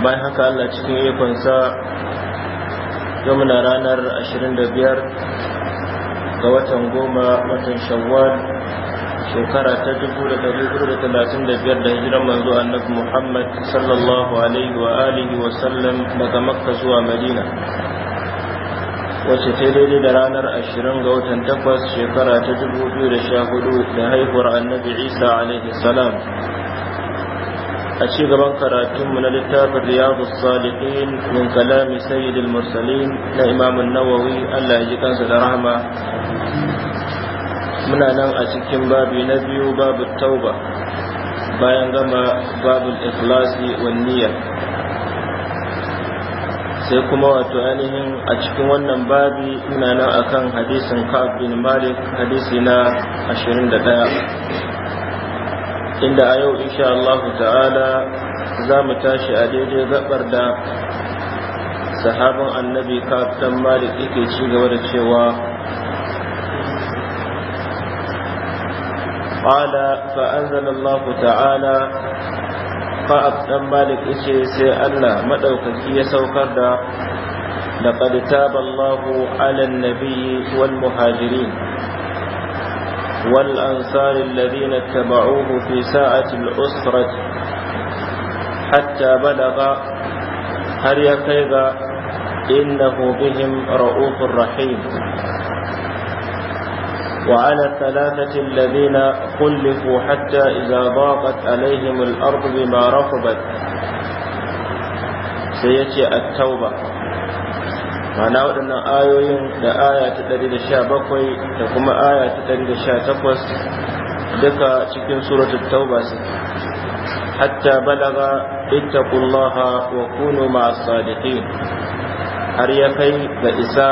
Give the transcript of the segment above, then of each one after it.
bayan haka Allah cikin ikonsa yau muna ranar 25 ga watan goma watan shawwal shekara ta 1435 da hijiran manzo annabi Muhammad sallallahu alaihi wa alihi wa sallam daga Makka zuwa Madina Wace ta daidai da ranar 20 ga watan takwas shekara ta 2014 da haihuwar annabi Isa alaihi salam أشيغ كراتم من الكتاب رياض الصالحين من كلام سيد المرسلين لإمام النووي الله يجيكان سيد رحمة من أنا أشيكم باب نبي باب التوبة bayan gama babul ikhlasi wan sai kuma wato ainihin a cikin wannan babi muna nan akan hadisin kafin Malik hadisi na 21 inda a yau insha Allah ta'ala za mu tashi a daidai gabar da sahabin annabi kaftan malik yake ci gaba da cewa ƙada fa’anzan Allah ta’ala fa’abdan malik ishe sai Allah maɗaukaki ya saukar da da ƙadita ballahu alan nabi wal muhajirin. والأنصار الذين اتبعوه في ساعة الأسرة حتى بلغ هل يكيغ إنه بهم رؤوف رحيم وعلى الثلاثة الذين خلفوا حتى إذا ضاقت عليهم الأرض بما رفضت سيتي التوبة mana waɗannan ayoyin da aya ta 117 da kuma aya ta 118 duka cikin suratul tauba su hatta balaga ittaqullaha wa kunu ma'as sadiqin har ya kai ga isa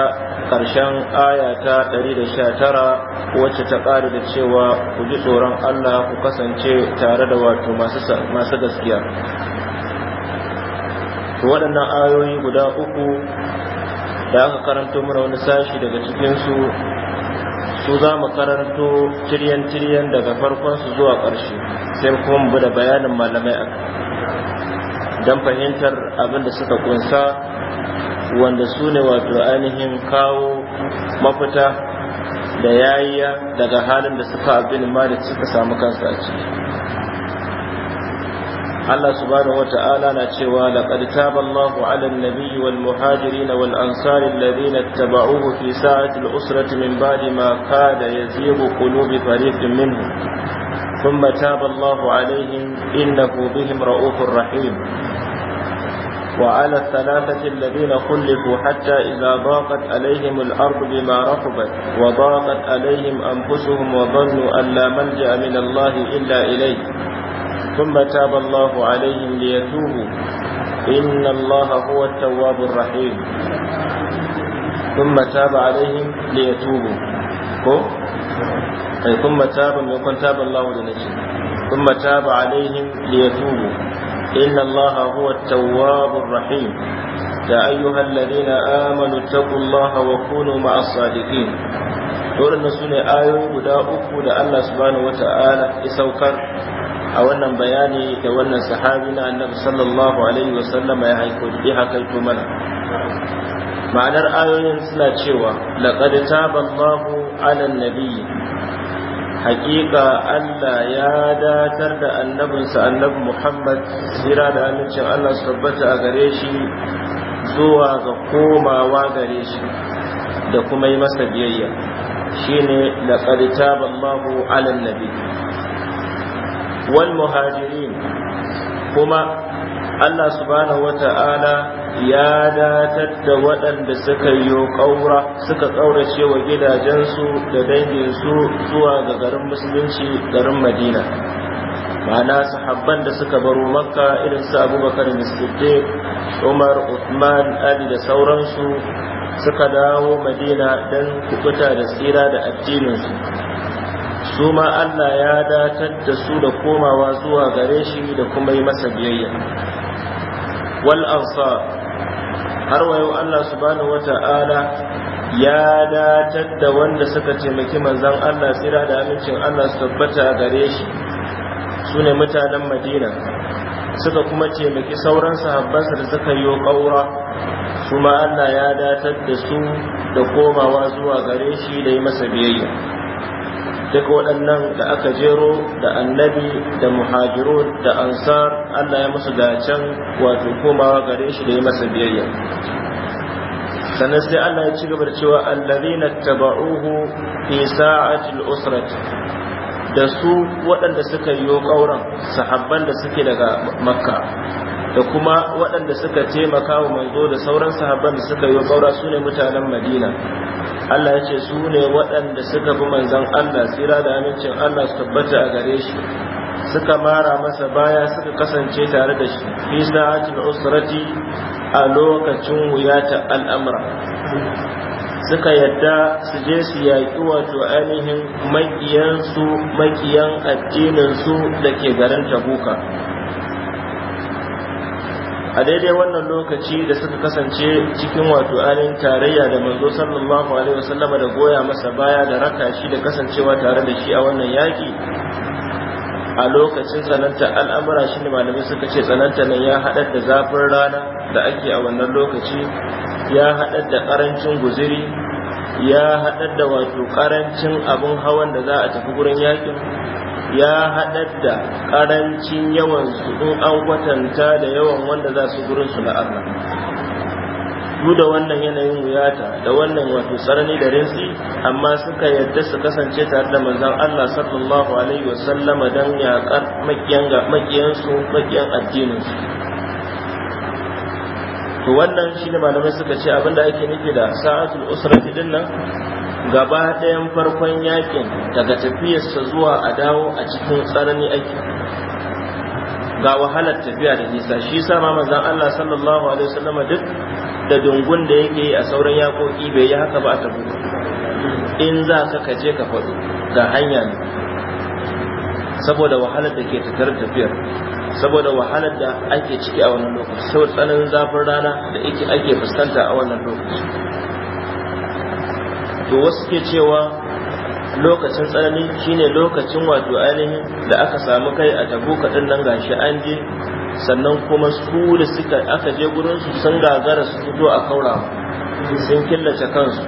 ƙarshen aya ta 119 wacce ta ƙari da cewa ku ji tsoron Allah ku kasance tare da wato masu gaskiya waɗannan ayoyi guda uku da aka karanto mana wani sashi daga cikinsu su za mu karanto tiryan-tiryan daga farkonsu zuwa ƙarshe sai kuma mu da bayanin malamai a don fahimtar abin da suka kunsa wanda su ne wato ainihin kawo mafita da yayya daga halin da suka abin malik suka samu kansu a ciki Allah subhanahu wata'ala na cewa laqad taballahu 'alan nabiyyi wal muhajirin wal ansar alladhina ittaba'uhu fi sa'ati al-usrati min ba'di ma kada yazighu qulubi fariqin minhum thumma taballahu 'alayhim innahu bihim ra'ufur rahim وعلى الثلاثة الذين خلفوا حتى إذا ضاقت عليهم الأرض بما رحبت وضاقت عليهم أنفسهم وظنوا أن لا ملجأ من الله إلا إليه ثم تاب الله عليهم ليتوبوا إن الله هو التواب الرحيم ثم تاب عليهم ليتوبوا أي ثم تاب من تاب الله لنجي ثم تاب عليهم ليتوبوا إن الله هو التواب الرحيم يا أيها الذين آمنوا اتقوا الله وكونوا مع الصادقين waɗanda su ne ayoyi guda uku da Allah subhanahu wa ta'ala ya saukar a wannan bayani da wannan sahabi na annabi sallallahu alaihi wasallama ya haiko ya hakaito mana ma'anar ayoyin suna cewa laqad taba 'ala an-nabiy haƙiƙa Allah ya datar da annabinsa annabi Muhammad sira da amincin Allah su tabbata a gare shi zuwa ga komawa gare shi da kuma yi masa biyayya shine laqad taba 'ala an wal muhajirin kuma Allah subhanahu wata'ala ya datar da waɗanda suka yi ƙaura suka ƙaurace wa gidajensu da danginsu zuwa ga garin musulunci garin madina ma'ana sahabban da suka baro makka irin su abubakar siddiq umar uthman ali da sauransu suka dawo madina don kubuta da tsira da addininsu su ma Allah ya datar da su da komawa zuwa gare shi da kuma yi masa biyayya wal ansar har wayo Allah subhanahu wata'ala ya datar da wanda suka taimaki manzon Allah tsira da amincin Allah su tabbata gare shi su ne mutanen Madina suka kuma taimaki sauran sahabbansa da suka yi ƙaura su Allah ya datar da su da komawa zuwa gare shi da yi masa biyayya duk waɗannan da aka jero da annabi da muhajiru da ansar Allah ya musu dacen wato komawa gare shi da ya masa biyayya sannan sai Allah ya ci gaba da cewa allazina taba'uhu fi sa'atil usrati da su waɗanda suka yi ƙauran sahabban da suke daga makka da kuma waɗanda suka taimaka wa manzo da sauran sahabban da suka yi ƙaura su ne mutanen madina allah ya ce su ne waɗanda suka bi manzan allah tsira da amincin allah su tabbata a gare shi suka mara masa baya suka kasance tare da shi fi sa'atul usrati a lokacin wuyata al'amura suka yadda su je su yaƙi wato ainihin makiyansu makiyan addininsu da ke garin tabuka a daidai wannan lokaci da suka kasance cikin wato ainihin tarayya da manzo sallallahu alaihi wasallama da goya masa baya da raka shi da kasancewa tare da shi a wannan yaki a lokacin tsananta al'amura shi ne malamai suka ce tsananta nan ya haɗar da zafin rana da ake a wannan lokaci ya haɗar da ƙarancin guziri ya haɗar da wato ƙarancin abin hawan da za a tafi gurin yakin ya haɗar da ƙarancin yawan su in an kwatanta da yawan wanda za su gurin su la'arra duk da wannan yanayin wuyata da wannan wato tsarani da rinsi amma suka yadda su kasance tare da manzon Allah sallallahu alaihi wasallama dan yaƙar makiyansu makiyan addinin to wannan shi ne malamai suka ce abinda ake nufi da sa'atul usrati din nan gaba ɗayan farkon yakin daga tafiyarsa zuwa a dawo a cikin tsanani ake ga wahalar tafiya da nisa shi sa ma manzon Allah sallallahu alaihi wasallam duk da dungun da yake yi a sauran yakoki bai yi haka ba ta tabu in za ka kaje ka faɗo ga hanya ne saboda wahalar da ke tattare tafiyar saboda wahalar da ake ciki a wannan lokaci saboda tsananin zafin rana da ake ake fuskanta a wannan lokaci to wasu ke cewa lokacin tsanani shine lokacin wato ainihin da aka samu kai a tabuka din nan gashi an je sannan kuma su da suka aka je gurin su sun gagara su fito a kaura sun killace kansu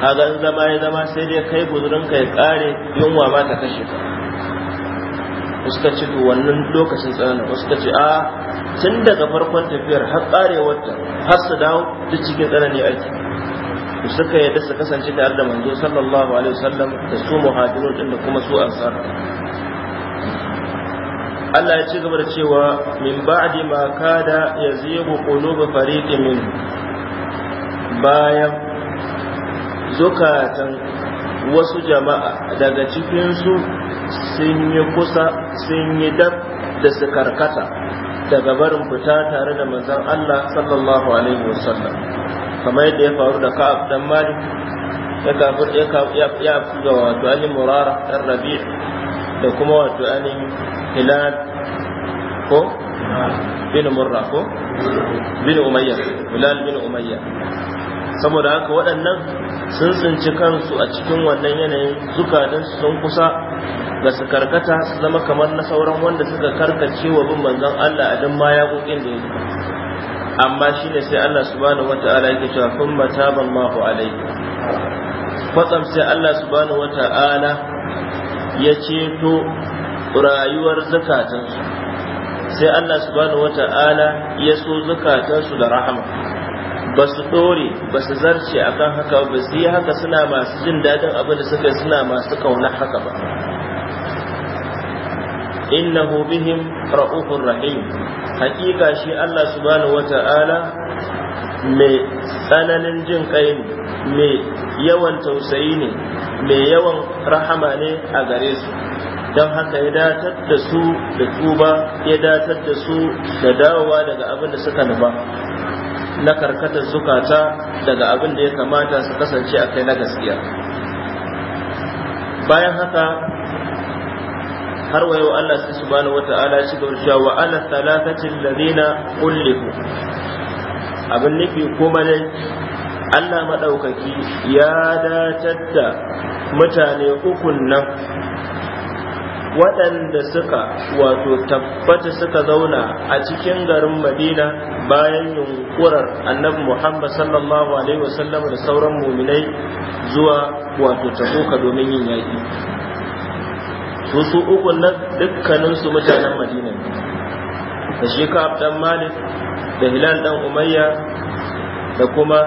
kaga in zama ya zama sai dai kai guzurin kai kare yunwa ma ta kashe ka suka ce wannan lokacin tsananin wasu suka ce a tun daga farkon tafiyar har ta har su dawo duk cikin tsanani aiki da suka yadda su kasance tare da manzo sallallahu alaihi wasallam da su muhajirun din da kuma su ansar Allah ya ci gaba da cewa min ba'di ma kada yazibu qulubu fariqin min bayan zukatan wasu jama'a daga cikinsu sun yi kusa sun yi dab da su karkata daga barin fita tare da manzon Allah sallallahu alaihi wasallam kamar yadda ya faru da Ka'ab dan Malik ya kafir ya ya ga wato Ali Murara dan Rabi' da kuma wato Ali Hilal ko bin Murra ko bin Umayya Hilal bin Umayya saboda haka waɗannan sun tsinci kansu a cikin wannan yanayin zukatan sun kusa ga su karkata su zama kamar na sauran wanda suka karkace wa bin manzon Allah a duk mayakokin da yake amma shine sai Allah subhanahu wata'ala yake cewa thumma taba Allahu alai, kwatsam sai Allah subhanahu wata'ala ya ceto rayuwar zukatansu sai Allah subhanahu wata'ala ya so zukatansu da rahama Basu su dore ba zarce akan haka ba su yi haka suna masu jin daɗin abin da suka suna masu kauna haka ba innahu bihim ra'ufur rahim hakika shi Allah subhanahu wata'ala mai tsananin jin kai ne mai yawan tausayi ne mai yawan rahama ne a gare su don haka ya datar da su da tuba ya datar da su da dawowa daga abin da suka nufa na karkatar zukata daga abin da ya kamata su kasance a kai na gaskiya bayan haka har wa yau Allah sai subhanahu wata'ala shi da cewa wa ala thalathatil ladina kullihu abin nufi kuma ne Allah madaukaki ya datar da mutane uku nan waɗanda suka wato tabbata suka zauna a cikin garin madina bayan yunkurar annabi muhammad sallallahu alaihi wasallam da sauran muminai zuwa wato tabuka domin yin yaƙi su su uku na dukkaninsu mutanen madina da shi ka'ab dan malik da hilal dan umayya da kuma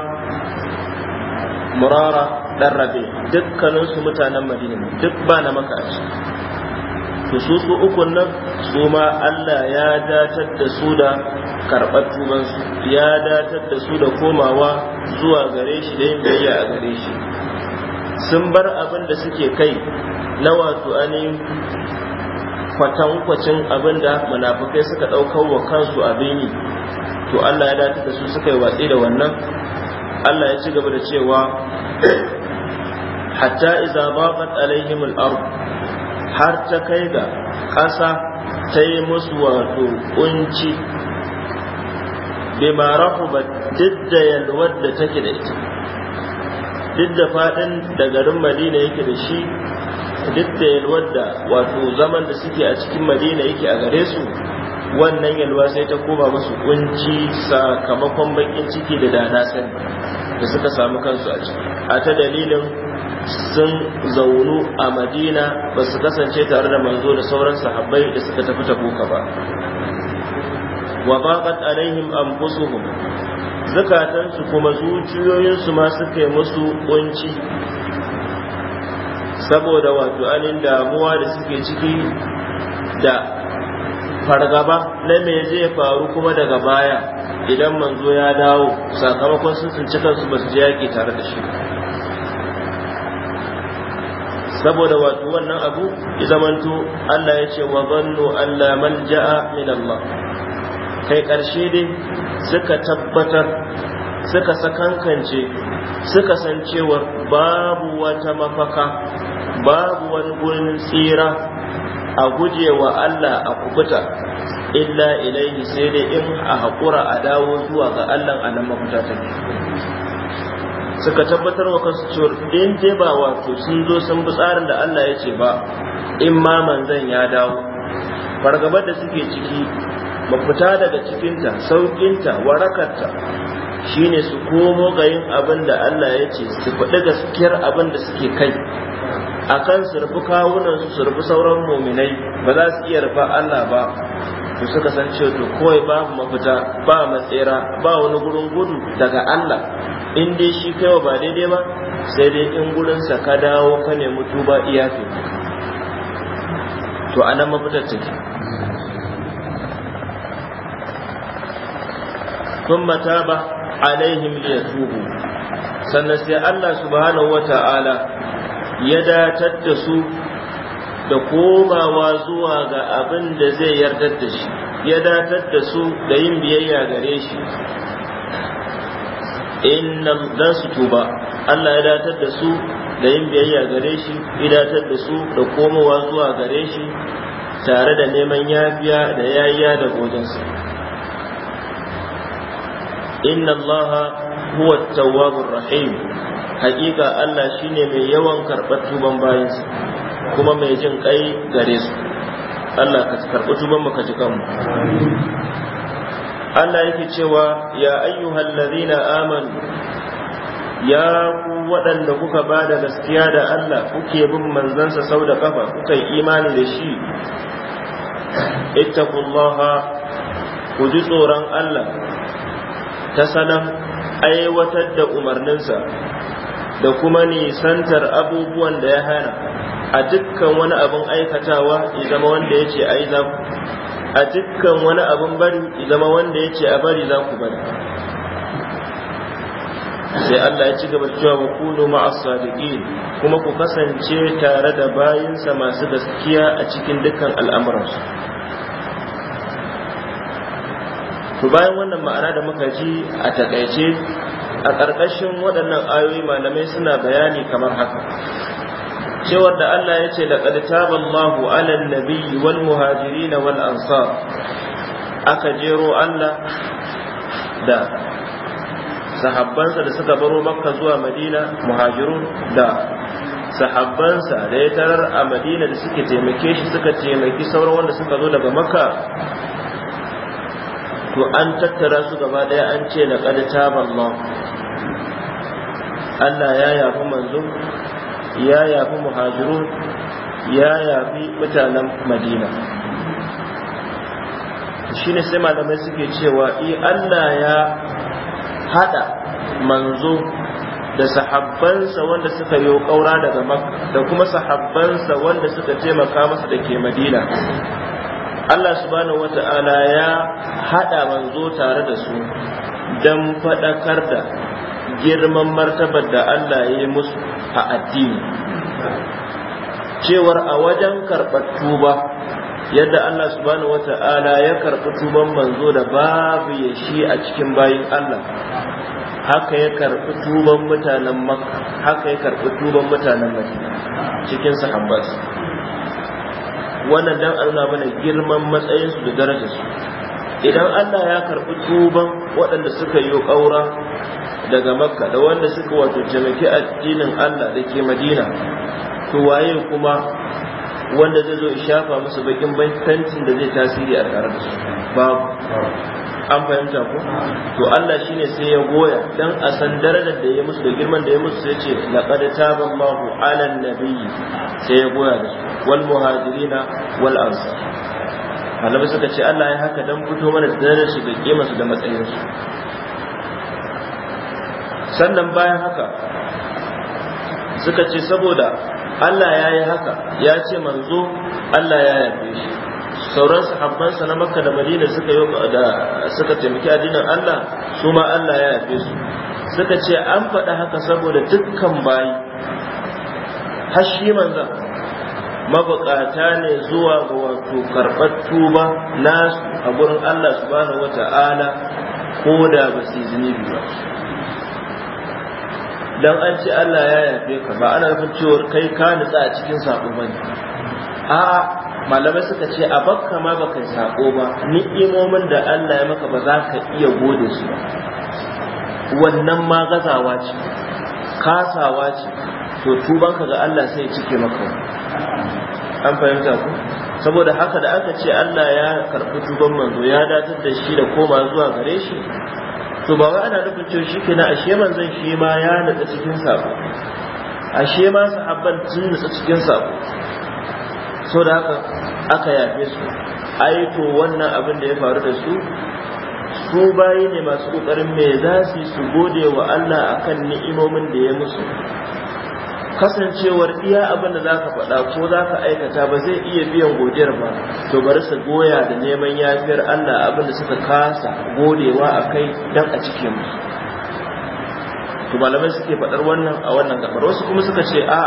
murara dan rabe dukkaninsu mutanen madina duk ba na maka a ciki Tususu su ukun nan su ma Allah ya datar da su da karɓar tubansu ya datar da su da komawa zuwa gare shi da yin bayya a gare shi sun bar abin da suke kai na wato ainihin kwatankwacin abin da munafukai suka ɗaukar wa kansu abin yi to Allah ya datar da su suka yi watsi da wannan Allah ya ci gaba da cewa hatta iza baqat alaihimul ardh har ta kai ga ƙasa ta yi musu wato kunci bima ba duk da yalwar da take da ita duk da faɗin da garin madina yake da shi duk da yalwar da wato zaman da suke a cikin madina yake a gare su wannan yalwa sai ta koma musu kunci sakamakon bakin ciki da dana sani da suka samu kansu a ciki a ta dalilin sun zaunu a madina ba su kasance tare da manzo da sauran sahabbai da suka tafi ta tabuka ba wa baqat alaihim anfusuhum zakatansu kuma zuciyoyinsu ma suka yi musu kunci saboda wato anin damuwa da suke ciki da fargaba na me zai faru kuma daga baya idan manzo ya dawo sakamakon sun tsinci kansu ba su je yaƙi tare da shi saboda wato wannan abu ya zamanto Allah ya ce wa zannu alla malja'a min Allah kai karshe dai suka tabbatar suka sakankance suka san cewa babu wata mafaka babu wani gurin tsira a guje wa Allah a kubuta illa ilaihi sai dai in a haƙura a dawo zuwa ga Allah a nan mafita suka tabbatar wa kansu cewa in dai ba wato sun zo sun bi tsarin da Allah ya ce ba in ma manzan ya dawo fargabar da suke ciki mafita daga cikinta warakar warakarta shine su komo ga yin abin da Allah ya ce su faɗi gaskiyar abin da suke kai akan surfi kawunan su rufi sauran muminai ba za su iya rufa Allah ba to suka san cewa to kawai babu mafita ba matsera ba wani gurin gudu daga Allah in dai shi kaiwa ba daidai ba sai dai in gurinsa ka dawo ka nemi tuba iya to to anan mafitar take ba تاب عليهم ليتوبوا sannan sai Allah subhanahu wata'ala ya datar da su da komawa zuwa ga abin da zai yardar da shi ya datar da su da yin biyayya gare shi inna dan su tuba Allah ya datar da su da yin biyayya gare shi ya datar da su da komawa zuwa gare shi tare da neman yafiya da yayya da godinsa inna Allah huwa tawwabur rahim haƙiƙa Allah shine mai yawan karɓar tuban bayansa kuma mai jin kai gare su Allah ka karɓi tuban ka ji kanmu Allah yake cewa ya ayyuhal ladina amanu ya ku waɗanda kuka ba da gaskiya da Allah kuke bin manzansa sau da kafa kuka yi imani da shi ittaqullaha ku ji tsoron Allah ta sanan aiwatar da umarninsa da kuma nisantar abubuwan da ya hana a dukkan wani abin aikatawa ya zama wanda ya ce a yi a dukkan wani abin bari ya zama wanda ya ce a bari za ku bari sai Allah ya ci gaba cewa wa kunu ma sadiqin kuma ku kasance tare da bayinsa masu gaskiya a cikin dukkan al'amuransu to bayan wannan ma'ana da muka ji a takaice a ƙarƙashin waɗannan ayoyi malamai suna bayani kamar haka cewar da Allah ya ce laqad taballahu 'alan nabiyyi wal muhajirin wal ansar aka jero Allah da sahabbansa da suka baro makka zuwa madina muhajirun da sahabbansa da ya tarar a madina da suke taimake shi suka taimaki sauran wanda suka zo daga makka to an tattara su gaba daya an ce laqad taballahu Allah ya yafi manzo ya yafi muhajirun ya yafi mutanen madina shine sai malamai suke cewa i Allah ya hada manzo da sahabbansa wanda suka yi kaura daga makka da kuma sahabbansa wanda suka taimaka masa da ke madina Allah subhanahu wata'ala ya hada manzo tare da su don faɗakar da girman martabar da Allah ya yi musu a addini cewar a wajen karɓar tuba yadda Allah subhanahu wata'ala ya karɓi tuban manzo da babu ya shi a cikin bayin Allah haka ya karɓi tuban mutanen makka haka ya karɓi tuban mutanen madina cikin sahabbansa wannan dan Allah bane girman matsayinsu da darajarsu idan Allah ya karɓi tuban waɗanda suka yi ƙaura daga makka da wanda suka wato taimaki addinin Allah da ke madina to waye kuma wanda zai zo shafa musu bakin bantancin da zai tasiri a tare da su babu an fahimta ko to Allah shine sai ya goya dan a san darajar da ya musu da girman da ya musu sai ce laqad taban Allahu 'alan nabiyyi sai ya goya da su wal muhajirina wal ansar malamai suka ce Allah ya haka don fito mana da darajar su da kimarsu da matsayinsu sannan bayan haka suka ce saboda Allah ya yi haka ya ce manzo Allah ya yafe shi sauran sahabbansa na makka da madina suka yi da suka taimaki addinin Allah su ma Allah ya yafe su suka ce an faɗa haka saboda dukkan bayi har shi mabukata ne zuwa ga wato karɓar tuba nasu a gurin Allah subhanahu wata'ala ko da ba su zunubi ba dan an ce Allah ya yafe ka ba ana nufin cewa kai ka nutsa a cikin sako ne. a'a malamai suka ce a bakka ma baka sako ba ni'imomin da Allah ya maka ba za ka iya gode su ba wannan ma gazawa ce kasawa ce to tubanka ga Allah sai cike maka an fahimta ku saboda haka da aka ce Allah ya karɓi tuban manzo ya datar da shi da koma zuwa gare shi to ba wai ana nufin cewa shi kenan ashe manzon shi ma ya nutsa cikin sako ashe ma sahabban sun nutsa cikin sako so da haka aka yafe su ai to wannan abin da ya faru da su su bayi ne masu kokarin me za su gode wa Allah akan ni'imomin da ya musu kasancewar iya abin da za ka faɗa ko za ka aikata ba zai iya biyan godiyar ba to bari su goya da neman yafiyar Allah abin da suka kasa godewa a kai don a cike mu to malamai suke faɗar wannan a wannan gabar wasu kuma suka ce a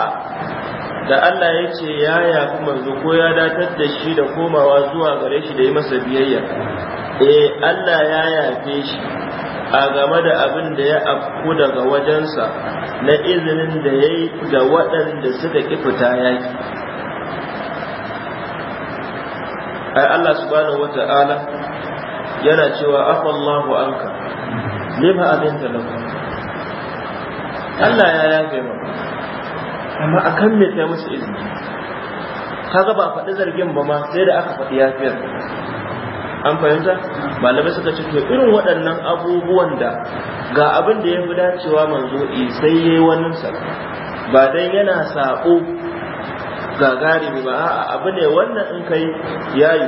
da Allah ya ce ya kuma manzo ko ya datar da shi da komawa zuwa gare shi da yi masa biyayya eh Allah ya yafe shi a game da abin da ya afku daga wajensa na izinin da ya yi da waɗanda suka ƙi fita yaki ai Allah subhanahu wa ta'ala yana cewa afallahu anka lima abin talaka Allah ya yafe maka amma akan me kai musu izini kaga ba faɗi zargin ba ma sai da aka faɗi yafiyar an fahimta malamai suka ce to irin waɗannan abubuwan da ga abin da ya fi dacewa manzo sai yayi wani sa ba dan yana sako gagarimi ba a'a abu ne wannan in kai yayi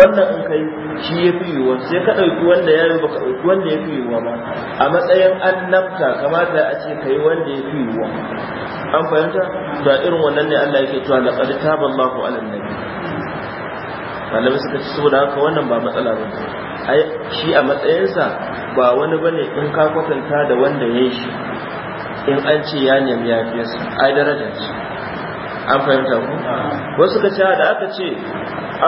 wannan in kai shi ya fi yiwuwa sai ka ɗauki wanda ya yi baka ɗauki wanda ya fi yiwuwa ba a matsayin annabta kamata a ce ka yi wanda ya fi yiwuwa an fahimta to irin wannan ne Allah yake cewa laqad taballahu 'alan nabi malamai suka ci saboda haka wannan ba matsala ba ai shi a matsayinsa ba wani bane in ka kwatanta da wanda ya yi shi in an ce ya nemi yafiyarsa ai daraja ce an fahimta ku wasu ka ce da aka ce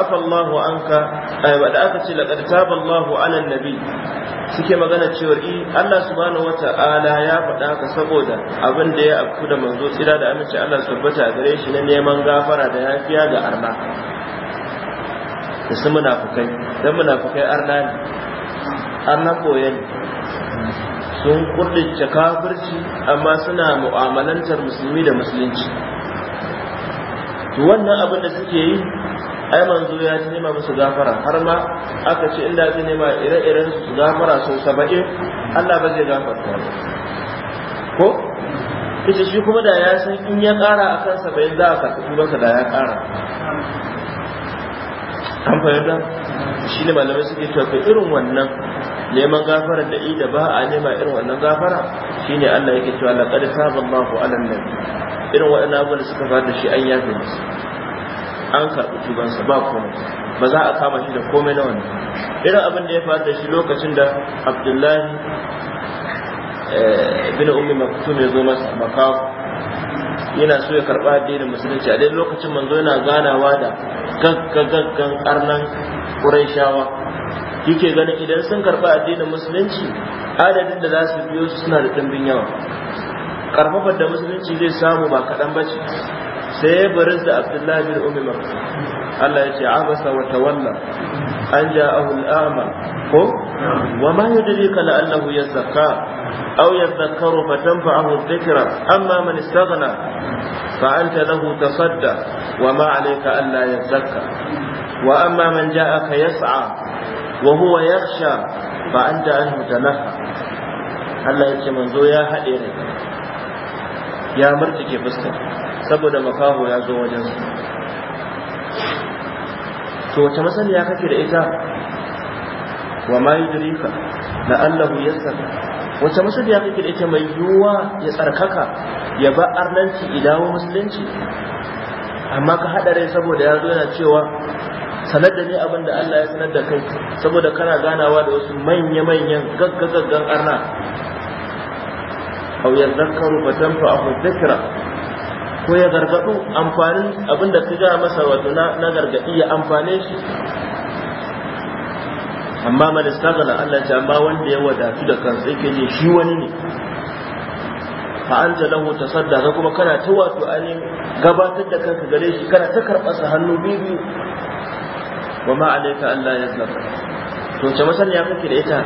afa Allahu anka ai da aka ce laqad taba Allahu ala nabi suke magana cewa i Allah subhanahu wata'ala ya faɗa ka saboda abin da ya afku da manzo tsira da aminci Allah subhanahu wata'ala gare shi na neman gafara da yafiya ga arna da su munafukai don munafukai arna ne arna sun kurdice kafirci amma suna mu'amalantar musulmi da musulunci to wannan abin da suke yi ai manzo ya ci nema musu gafara har ma aka ce inda zai nema ire-iren su gafara sau saba'in Allah ba zai gafarta ko ita shi kuma da ya san in ya kara akan saba'in za a karɓi masa da ya kara an fahimta shi ne malamai suke cewa irin wannan neman gafara da ida ba a nema irin wannan gafara shi ne Allah yake cewa laqad taballahu alan nan. irin waɗannan abin da suka faru da shi an yafe musu an karɓi tubansa ba komai ba za a kama shi da komai na wannan irin abin da ya faru da shi lokacin da Abdullahi eh, bin Ummi Maktum ya zo masa makafu yana so ya karba addinin musulunci a dai lokacin manzo yana ganawa da gaggagaggan karnan ƙurayshawa yake ganin idan sun karba addinin musulunci adadin da za su biyo su suna da ɗimbin yawa karfafar da musulunci zai samu ba kaɗan ba ce sai ya baris da abdullahi bin ummi maktum Allah ya ce abasa wa tawalla an ja ja'ahu al'ama ko wa ma dari kala ya yudrika la'allahu yazakka aw yadhakkaru fatanfa'ahu adh-dhikra amma man istaghna fa anta lahu tasadda wa ma 'alayka alla yazakka wa amma man ja'aka yas'a wa huwa yakhsha fa anta anhu tanaha Allah ya ce manzo ya haɗe ne ya murtike fuskar saboda makaho ya zo wajen to wace masaniya kake da ita wa ma yudrika la'allahu yansaka wace masaniya kake da ita mai yiwuwa ya tsarkaka ya ba arnanci idawo musulunci amma ka haɗa rai saboda ya zo yana cewa sanar da ne abin da Allah ya sanar da kai saboda kana ganawa da wasu manya-manyan gaggagaggan arna aw yadhakkaru ahu dhikra ko ya gargadu amfanin abinda ka ga masa wato na na gargadi ya amfane shi amma man istaghala Allah ta amma wanda ya wadatu da kansa yake ne shi wani ne fa anta lahu tasaddaqa kuma kana ta wato gabatar da kanka gare shi kana ta karbasa hannu bibi wa ma alayka Allah ya to ce masaniya kake da ita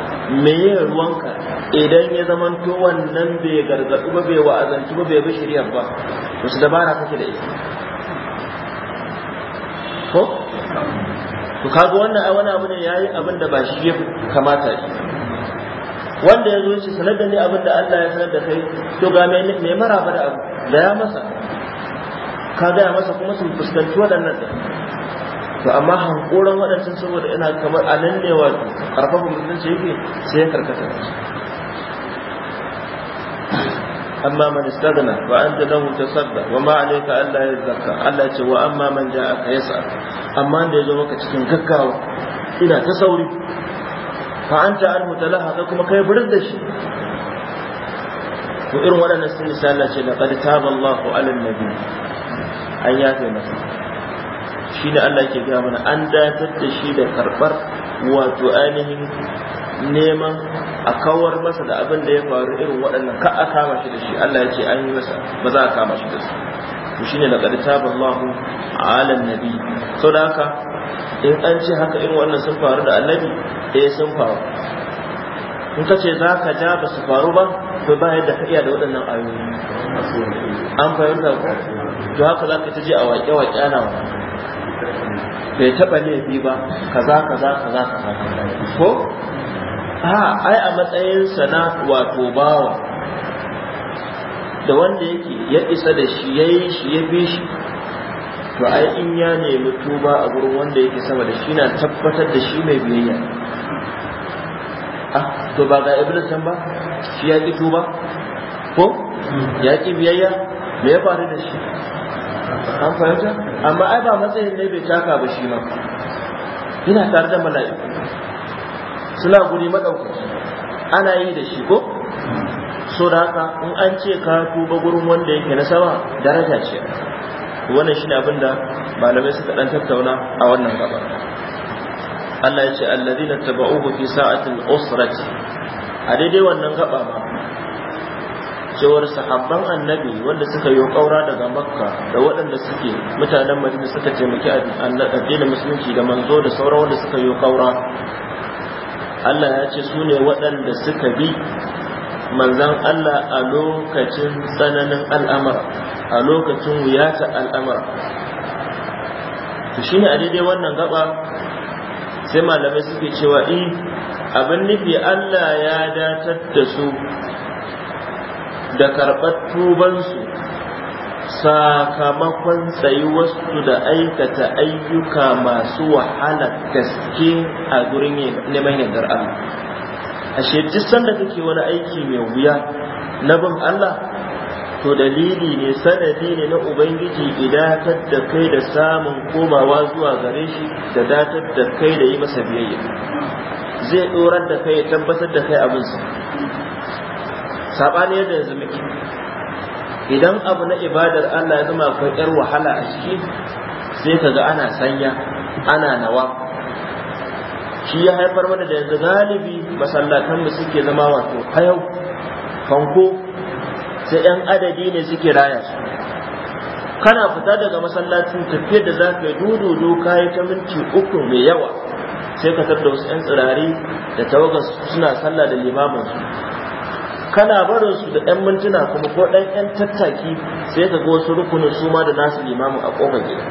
meye ruwanka idan ya zama to wannan bai gargadu ba bai wa'azantu ba bai bi shari'ar ba to su dabara kake da ita ko to kaga wannan ai wani abu ne yayi abin da ba shi ya kamata shi wanda ya zo shi sanar da ni abin da Allah ya sanar da kai to ga me maraba da abu da ya masa ka gaya masa kuma sun fuskanci waɗannan to amma hankoran waɗancan saboda ina kamar a nan ne wato karfafa ce yake sai ya karkata shi amma man istadana wa anta lahu tasadda wa ma alayka alla yazakka Allah ce wa amma man ja'aka yas'a amma da yazo maka cikin gaggawa ina ta sauri fa anta al mutalaha ka kuma kai burin da shi to irin waɗannan sai Allah ce laqad taba Allahu ala an yafe masa ne Allah ke gaya mana an datar da shi da karbar wato ainihin neman a kawar masa da abin da ya faru irin waɗannan ka a kama shi da shi Allah ya ce an yi masa ba za a kama shi da su to shine laqad taballahu ala nabi da haka in an ce haka irin wannan sun faru da annabi eh sun faru in ka ce za ka ja ba su faru ba to ba yadda ka iya da waɗannan ayoyi an fahimta ku to haka za ka ta je a waƙe-waƙe ana wani bai taɓa laifi ba kaza kaza kaza kaza ko a ai a matsayin na wato bawa da wanda yake ya isa da shi ya yi shi ya bi shi to ai in ya nemi tuba a gurin wanda yake sama da shi na tabbatar da shi mai biyayya ah to ba ga iblis san ba shi ya ki tuba ko ya ki biyayya me ya faru da shi an fahimta amma ai ba matsayin ne bai taka ba shi ma yana tare da mala'iku suna guri madaukaki ana yi da shi ko so da haka in an ce ka tuba gurin wanda yake na sama daraja ce wannan shine abin da malamai suka dan tattauna a wannan gaba Allah ya ce alladhina tabauhu fi sa'atil usrati a daidai wannan gaba ma cewar sahabban annabi wanda suka yi kaura daga makka da waɗanda suke mutanen madina suka taimaki addinin musulunci da manzo da sauran wanda suka yi kaura Allah ya ce su ne waɗanda suka bi manzan Allah a lokacin tsananin al'amar a lokacin wuyata al'amar to shine a daidai wannan gaba sai malamai suke cewa in eh, abin nufi Allah ya datar da su da karɓar tubansu sakamakon tsayuwarsu da aikata ayyuka masu wahala gaske a gurin neman yardar Allah ashe duk sanda kake wani aiki mai wuya na bin Allah to dalili ne sanadi ne na ubangiji idatar da kai da samun komawa zuwa gare shi da datar da kai da yi masa biyayya zai dorar da kai ya tabbatar da kai abinsa sabani yadda yanzu muke idan abu na ibadar Allah ya zama akwai yar wahala a ciki sai kaga ana sanya ana nawa shi ya haifar mana da yanzu galibi masallatan mu suke zama wato hayau fanko sai yan adadi ne suke raya su kana fita daga masallacin tafiyar da za ka yi dududu kayi ta minti uku mai yawa sai ka da wasu 'yan tsirari da tawagar suna sallah da limamin su kana barin su da ɗan mintuna kuma ko ɗan ɗan tattaki sai ka ga wasu rukunin su ma da nasu limamin a ƙofar gida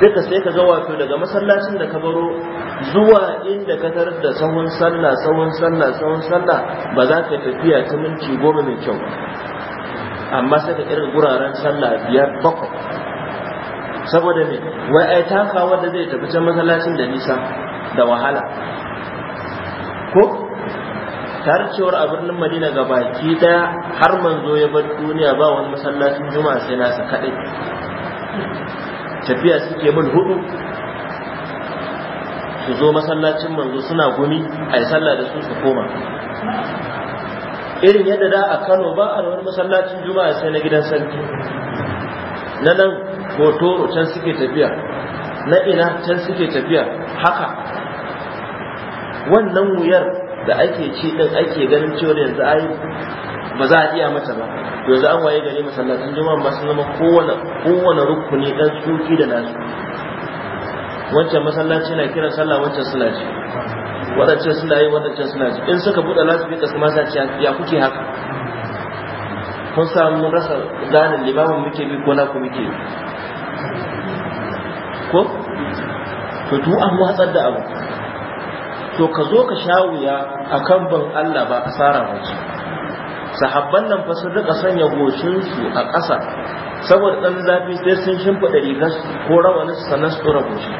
duka sai ka ga wato daga masallacin da ka baro zuwa inda ka tarar da sahun sallah sahun sallah sahun sallah ba za ka tafiya ta minti goma mai kyau amma sai ka irin guraren sallah biyar bakwai saboda me wai ai kawo da zai tafi can masallacin da nisa da wahala ko tarcewar a birnin madina ga baki daya har manzo ya bar duniya ba wani masallacin juma'a sai nasa kadai tafiya suke mil hudu su zo masallacin manzo suna gumi a yi sallah da su su koma irin yadda da a kano ba a wani masallacin juma'a sai na gidan sarki na nan hoto can suke tafiya na ina can suke tafiya haka wannan wuyar da ake ci din ake ganin cewa yanzu ai ba za a iya mata ba yanzu an waye gari masallacin juma'a ba sun zama kowane kowane rukuni dan tsuki da nasu wancan masallaci na kiran sallah wancan suna ci wadancan suna yi wadancan suna ci in suka buɗe lasifika su masa ci ya kuke haka kun samu mun rasa ganin limamin muke bi ko na ku muke ko to tu an watsar da abu to ka zo ka sha wuya a kan ban Allah ba asara wace sahabban nan fa sun rika sanya goshinsu a ƙasa saboda ɗan zafi sai sun shimfiɗa rigar ko na sanar su ɗora goshi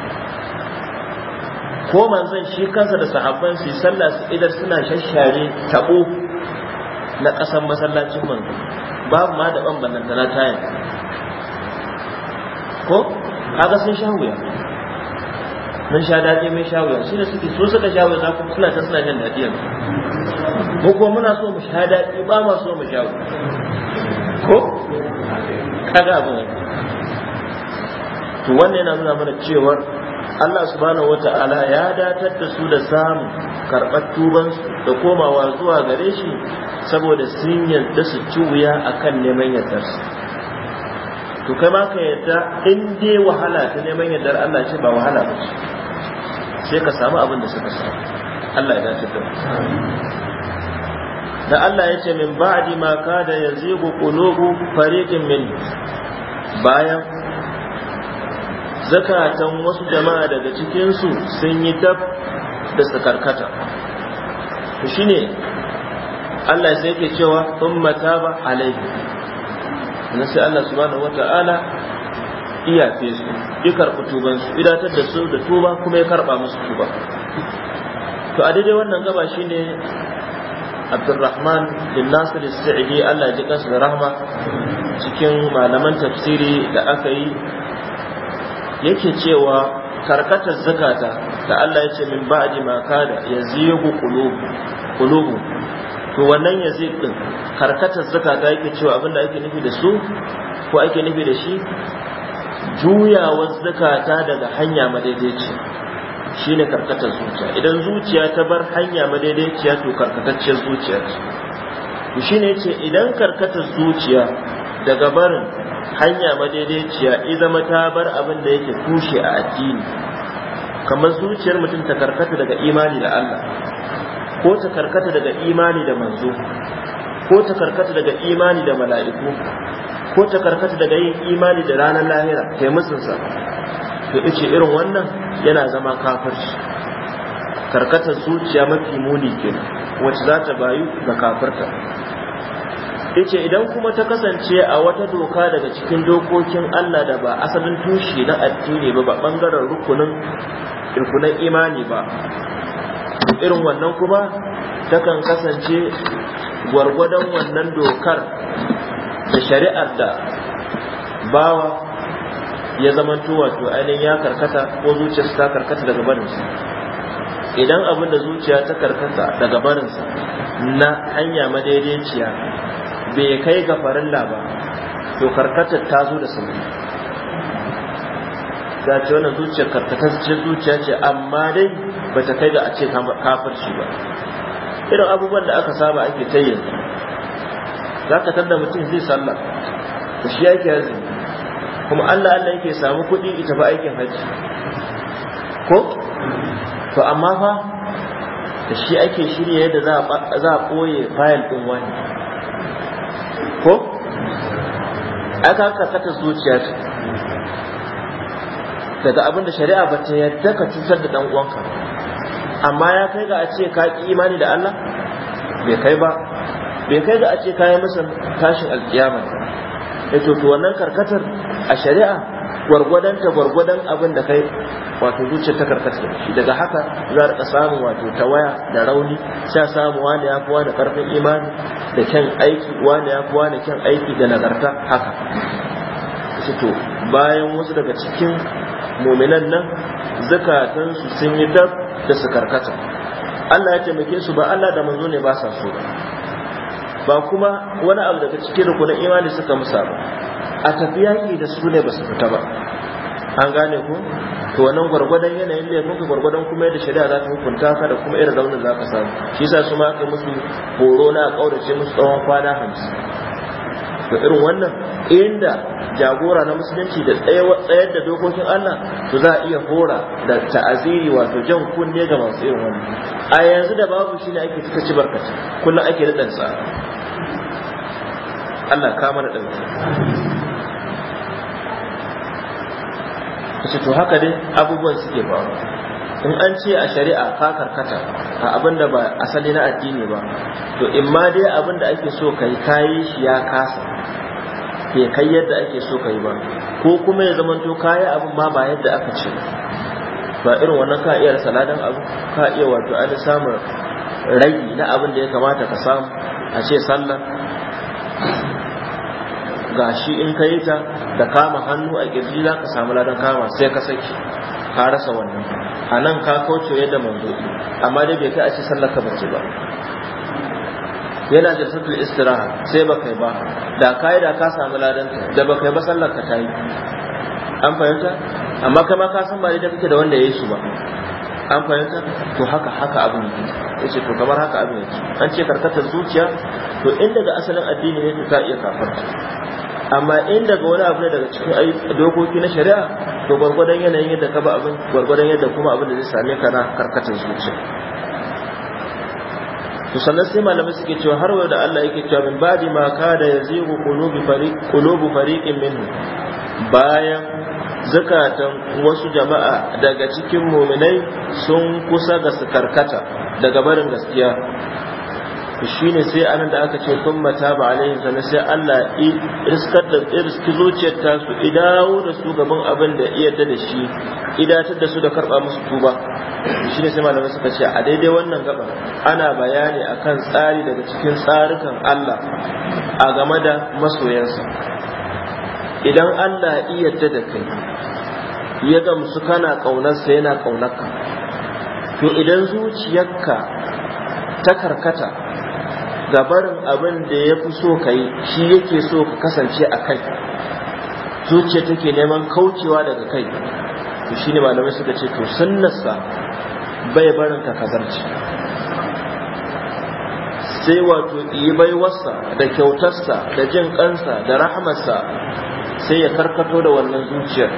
ko zan shi kansa da sahabban su sallah su idan suna shashare taɓo na ƙasan masallacin manzo babu ma da ɓan na tayin ko kaga sun sha wuya mun sha daɗi mun sha wuya shi da suke so suka sha wuya kuma suna ta suna jin daɗi yanzu ko kuma muna so mu sha daɗi ba ma so mu sha wuya ko kada abu to wannan yana nuna mana cewa Allah subhanahu wata'ala ya datar da su da samun karɓar tubansu da komawa zuwa gare shi saboda sun yarda su ci wuya akan neman su to kai ma ka yadda in dai wahala ta neman yardar Allah ce ba wahala ba ce sai ka samu abin da suka samu Allah ya dace da da Allah ya ce min ba'di ma kada yazigu qulubu fariqin min bayan zakatan wasu jama'a daga cikin su sun yi tab da sakarkata to shine Allah sai yake cewa umma taba alaihi nasi Allah subhanahu wata'ala iyafe su ya karɓi tuban su idatar da su da tuba kuma ya karɓa musu tuba to a daidai wannan gaba shi ne abdurrahman bin Nasir Sa'idi Allah ji kansa da rahma cikin malaman tafsiri da aka yi yake cewa karkatar zakata da Allah ya ce min a ma kada ya ziyogu kulubu. to wannan yazig din karkatar zakata yake cewa abinda ake nufi da su ko ake nufi da shi juyawar zakata daga hanya madaidaici shine karkatar zuciya idan zuciya ta bar hanya madaidaiciya to karkatacciyar zuciya ce ne ce idan karkatar zuciya daga barin hanya madaidaiciya i ta bar abin da yake tushe a addini kamar zuciyar mutum ta karkata daga imani da Allah ko ta karkata daga imani da manzo ko ta karkata daga imani da mala'iku ko ta karkata daga yin imani da ranar lahira kai musunsa to ce irin wannan yana zama kafirci karkatar zuciya mafi muni ke wacce za ta bayu ga kafirta yace idan kuma ta kasance a wata doka daga cikin dokokin Allah da ba asalin tushe na addini ba ba bangaren rukunin rukunan imani ba irin wannan kuma takan kasance gwargwadon wannan dokar da shari'ar da bawa ya zamanto wato ainihin ya karkata ko zuciyarsa ta karkata daga barinsa idan abin da zuciya ta karkata daga barinsa na hanya madaidaiciya bai kai ga farilla ba to karkatar ta zo da sauri za ce wannan zuciyar karkatar zuciya ce amma dai ba ta kai ga a ce kafirci ba irin abubuwan da aka saba ake ta za ka tarda mutum zai sallah da shi yake yanzu kuma allah allah yake samu kuɗi ita ba aikin hajji ko to amma fa da shi ake shirya yadda za a ɓoye fayil ɗin wani ko aka kasata zuciya ce daga abinda shari'a ba ta yadda ka cutar da ɗan'uwanka. amma ya kai ga a ce ka ƙi imani da Allah bai kai ba bai kai ga a ce kayan masa tashin alkiyama ya eh to wannan karkatar a shari'a gwargwadon ta gwargwadon abin da kai wato zuciyar ta karkatar shi daga haka za a samu wato ta waya da rauni sai samu wani ya kuwa da karfin imani da kyan aiki wani ya kuwa da kyan aiki da nagarta haka to bayan wasu daga cikin muminan nan zukatansu sun yi dab da su karkata Allah ya taimake su ba Allah da manzo ne ba sa so ba kuma wani abu daga cikin rukun imani suka musa ba a tafi da su ne ba su fita ba an gane ku to wannan gwargwadon yanayin da ka gwargwadon kuma yadda shari'a za ta hukunta ka da kuma irin launin za ka samu shi yasa su ma aka musu horo na kaurace musu tsawon kwana hamsin da irin wannan inda jagora na musulunci da tsayar da dokokin Allah to za a iya hora da ta'aziri wato jan kunne ga masu irin wannan a yanzu da babu shi ne ake fita ci barkata kullum ake daɗin sa Allah kama da ɗauki kace to haka dai abubuwan suke faruwa in an ce a shari'a ka karkata a abin da ba asali na addini ba to in ma dai abin da ake so kai kayi shi ya kasa ke kai yadda ake so kai ba ko kuma ya to kayi abin ma ba yadda aka ce ba irin wannan ka iya saladan abu ka iya wato an samu ragi na abin da ya kamata ka samu a ce sallar gashi in ka yi ta da kama hannu a kirji za ka samu ladan kama sai ka saki ka rasa wannan a nan ka kauce yadda manzo amma dai bai kai a ce sallar ka bace ba yana da jalsatul istiraha sai ba kai ba da kai da ka samu ladanta da ba kai ba sallar ka yi. an fahimta amma kai ma ka san ba da kake da wanda ya yi su ba an fahimta to haka haka abin yake ya ce to kamar haka abin yake an ce karkatar zuciya to in daga asalin addini ne ta iya kafarta amma in daga wani abu ne daga cikin dokoki na shari'a to gwargwadon yanayin yadda ka ba abin gwargwadon yadda kuma abin da zai same ka na karkatar zuciya to sannan sai malamai suke cewa har wanda Allah yake cewa min badi ma kada yazigu qulubi fariq qulubu fariqin minhu bayan zukatan wasu jama'a daga cikin muminai sun kusa ga su karkata daga barin gaskiya shi ne sai anan da aka ce kun mata ba alayhi sana sai Allah i riskar da riski zuciyar ta su idawo da su gaban abin da iya da shi idatar da su da karba musu tuba shi ne sai malamai suka ce a daidai wannan gaba ana bayani akan tsari daga cikin tsarukan Allah a game da masoyansa idan Allah iya yarda da kai ya gamsu kana kaunarsa yana ƙaunarka to idan zuciyarka ta karkata ga barin abin da ya fi so ka yi shi yake so ka kasance a kai zuciya take neman kaucewa daga kai to shi ne malamai suka ce to sunnarsa bai barin ka kazarci sai wato yi baiwarsa da kyautarsa da jin kansa da rahamarsa. sai ya karkato da wannan zuciyar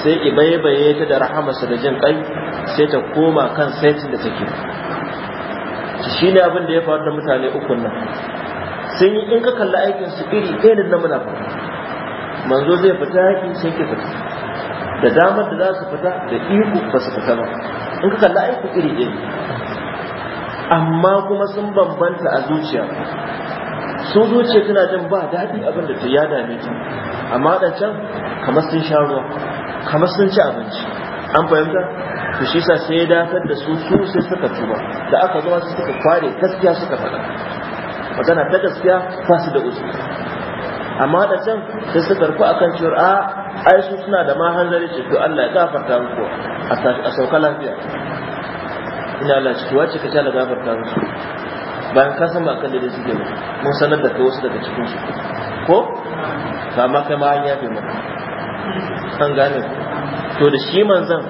sai ibaibaye ta da rahamarsa da jin kai sai ta koma kan saitin da take shi ne abin da ya faru da mutane uku nan sun yi in ka kalli aikin su iri ɗaya na muna manzo zai fita yaƙi sai ke fita da damar da za su fita da iko ba su fita ba in ka kalli aikin iri ɗaya amma kuma sun bambanta a zuciya Sun zuciya tana jin ba daɗi abin da ta ya dame ta amma da can kamar sun sha ruwa kamar sun ci abinci an fahimta to shi sa sai ya dakatar da su su sai suka tuba da aka zama su suka kware gaskiya suka faɗa magana ta gaskiya ba su da usu amma da can sai suka rufu akan cewar a ai su suna da ma hanzari ce to Allah ya gafarta muku a sauka lafiya ina Allah ci wace ka ta gafarta musu bayan ka san ba kan da suke ba mun sanar da kai wasu daga cikin su ko ba ma kai ma an yafe maka an gane to da shi manzon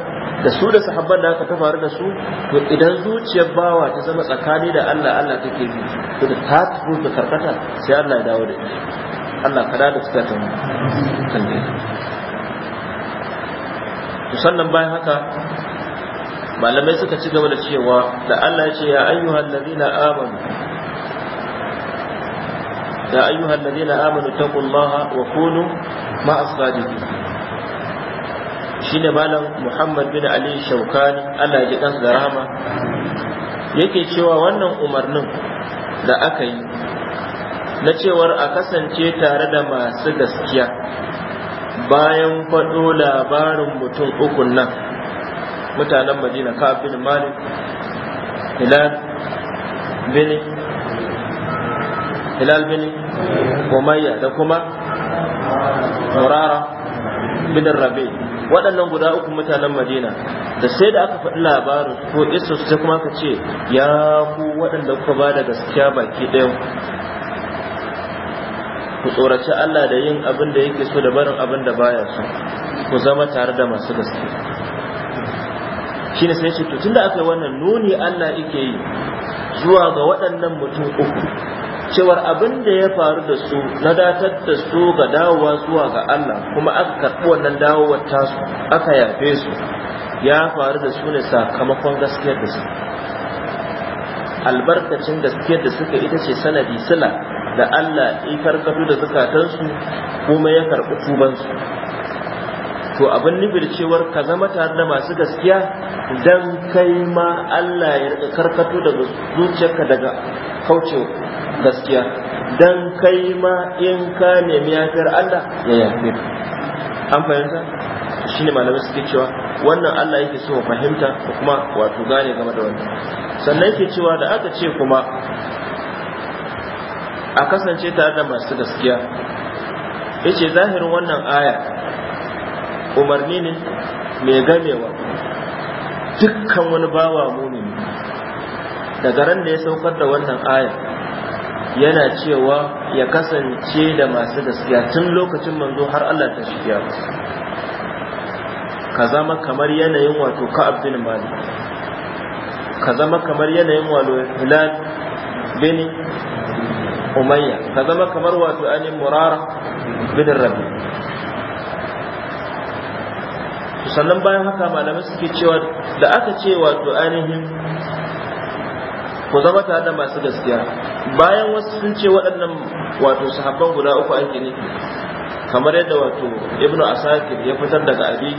da su da sahabban da aka faru da su to idan zuciyar bawa ta zama tsakani da Allah Allah take bi to da ta tafi da karkata sai Allah ya dawo da shi Allah kada da suka ta to sannan bayan haka malamai suka ci gaba da cewa da Allah ya ce ya ayyuhal ladina amanu يا أيها الذين آمنوا اتقوا wa وكونوا مع الصادقين shine malam Muhammad bin Ali Shaukani Allah ya ji kansa da yake cewa wannan umarnin da aka yi na cewar a kasance tare da masu gaskiya bayan faɗo labarin mutum ukun nan mutanen Madina kafin Malik Hilal bin hilal bin umayya da kuma murara bin rabi waɗannan guda uku mutanen madina da sai da aka faɗi labarin ko isa sai kuma aka ce ya ku waɗanda kuka ba da gaskiya baki ɗayan ku tsoraci Allah da yin abin da yake so da barin abin da baya so ku zama tare da masu gaske. shine sai ce to tunda aka yi wannan nuni Allah yake yi zuwa ga waɗannan mutum uku cewar abin da ya faru da su na datar da su ga dawowa zuwa ga Allah kuma aka karɓi wannan dawowar tasu aka yafe su ya faru da su ne sakamakon gaskiyar da su albarkacin gaskiyar da suka ita ce sanadi sila da Allah ya karkato da zukatansu kuma ya karɓi tubansu to abin nufin cewar ka zama tare da masu gaskiya don kai ma Allah ya rika karkato daga zuciyarka daga kauce gaskiya don kai ma in ka nemi yafiyar Allah ya yafe an fahimta shine malamai suke cewa wannan Allah yake so fahimta da kuma wato gane game da wannan sannan yake cewa da aka ce kuma a kasance tare da masu gaskiya yace zahirin wannan aya umarni ne mai gamewa dukkan wani bawa mumini daga ran da ya saukar da wannan aya yana cewa ya kasance da masu gaskiya tun lokacin manzo har Allah ta shigiya ka zama kamar yanayin wato ka abdin mali ka zama kamar yanayin wato hilal bin umayya ka zama kamar wato anin murara bin rabi sannan bayan haka malamai suke cewa da aka ce wato ainihin ku zama tare da masu gaskiya bayan wasu sun ce waɗannan wato sahabban guda uku ake nufi kamar yadda wato ibnu asakir ya fitar daga abi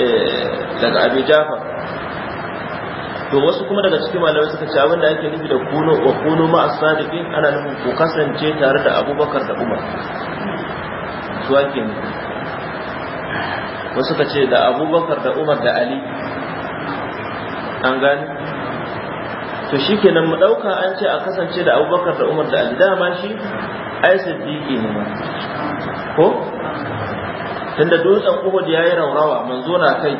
eh, daga abi jafar to wasu kuma daga cikin malamai suka ce abin da ake nufi da kuno wa kuno ma asadiqin ana nufin ku kasance tare da abubakar da umar su ake nufi wasu ka ce da abubakar da umar da ali an gane to shi kenan mu ɗauka an ce a kasance da abubakar da umar da ali dama shi ai siddiƙi ne ko tunda dutsen uhud ya yi raurawa manzo na kai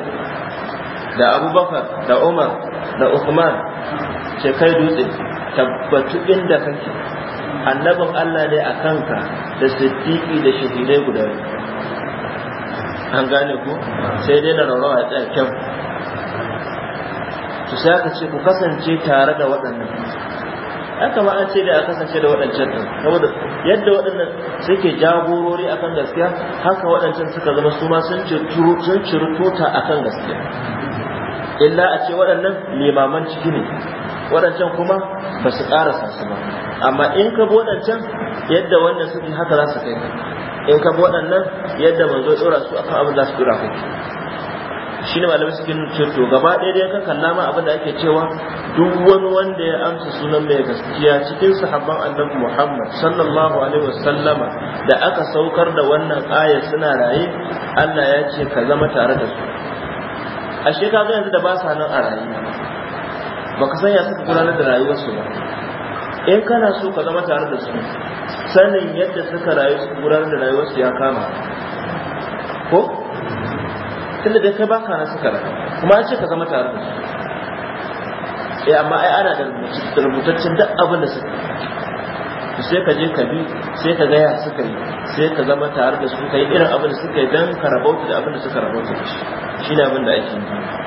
da abubakar da umar da usman ce kai dutse tabbatu inda kake annabin allah ne a kanka da siddiƙi da shahidai guda biyu an gane ku sai dai na rawa a kyau. to sai aka ce ku kasance tare da waɗannan haka ma an ce da a kasance da waɗancan ɗin saboda yadda waɗannan suke jagorori akan gaskiya haka waɗancan suka zama su ma sun ciri tuta akan gaskiya illa a ce waɗannan limaman ciki ne waɗancan kuma ba su ƙara sasu ba amma in ka bi waɗancan yadda wannan suke haka za su kai in ka waɗannan yadda manzo tsora su akan abin da su tsora kuke. shi ne malamai suke nuna to gaba ɗaya dai kan kalla ma abin da ake cewa duk wani wanda ya amsa sunan mai gaskiya cikin sahabban annabi Muhammad sallallahu alaihi wasallama da aka saukar da wannan ayar suna raye Allah ya ce ka zama tare da su ashe ka ga yanzu da ba sa nan a ba ka san ya suka gudanar da rayuwarsu ba in kana so ka zama tare da su sanin yadda suka rayu su gudanar da su ya kama ko tunda da kai baka na suka rayu kuma an ce ka zama tare da su eh amma ai ana da rubutaccen duk abin da suka sai ka je ka bi sai ka gaya suka yi sai ka zama tare da su kai irin abin da suka yi dan ka rabauta da abin da suka rabauta da shi shi ne abin da ake yi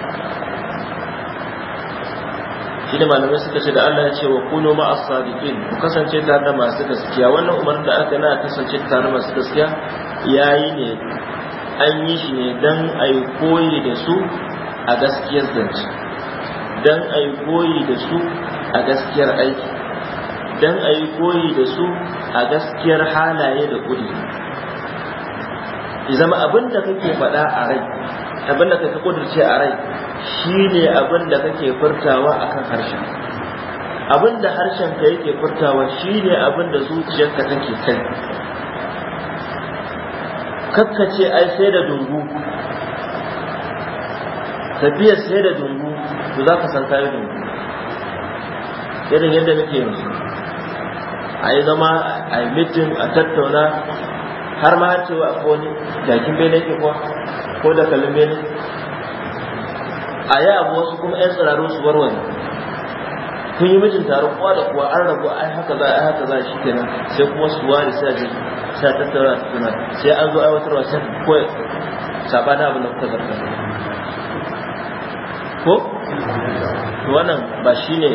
shi da malamai suka ce da Allah ya ce wa kuno ma a ku kasance tare da masu gaskiya wannan umar da aka na kasance tare da masu gaskiya yayi ne an yi shi ne dan ai koyi da su a gaskiyar zance dan ai koyi da su a gaskiyar aiki dan ai koyi da su a gaskiyar halaye da kudi zama abin da kake faɗa a rai abin da kake kudurce a rai shi ne abin da kake furtawa a kan harshen abin da harshen ka yake furtawa shi ne abin da zuciyarka take kai kakkace ai sai da dungu tafiya sai da dungu to za ka san kayi dungu irin yadda muke yanzu a yi zama a yi mitin a tattauna har ma cewa ko ne jakin bene ke kwa ko da kalin bene a yi abu wasu kuma yan tsirarun su warware kun yi mijin taron kowa da kowa an rabu ai haka za ai haka za shi kenan sai kuma su ware sai ji sai tattauna tuna sai an zo aiwatarwa sai koyi sabanin abin da kuka zarta ko wannan ba shi ne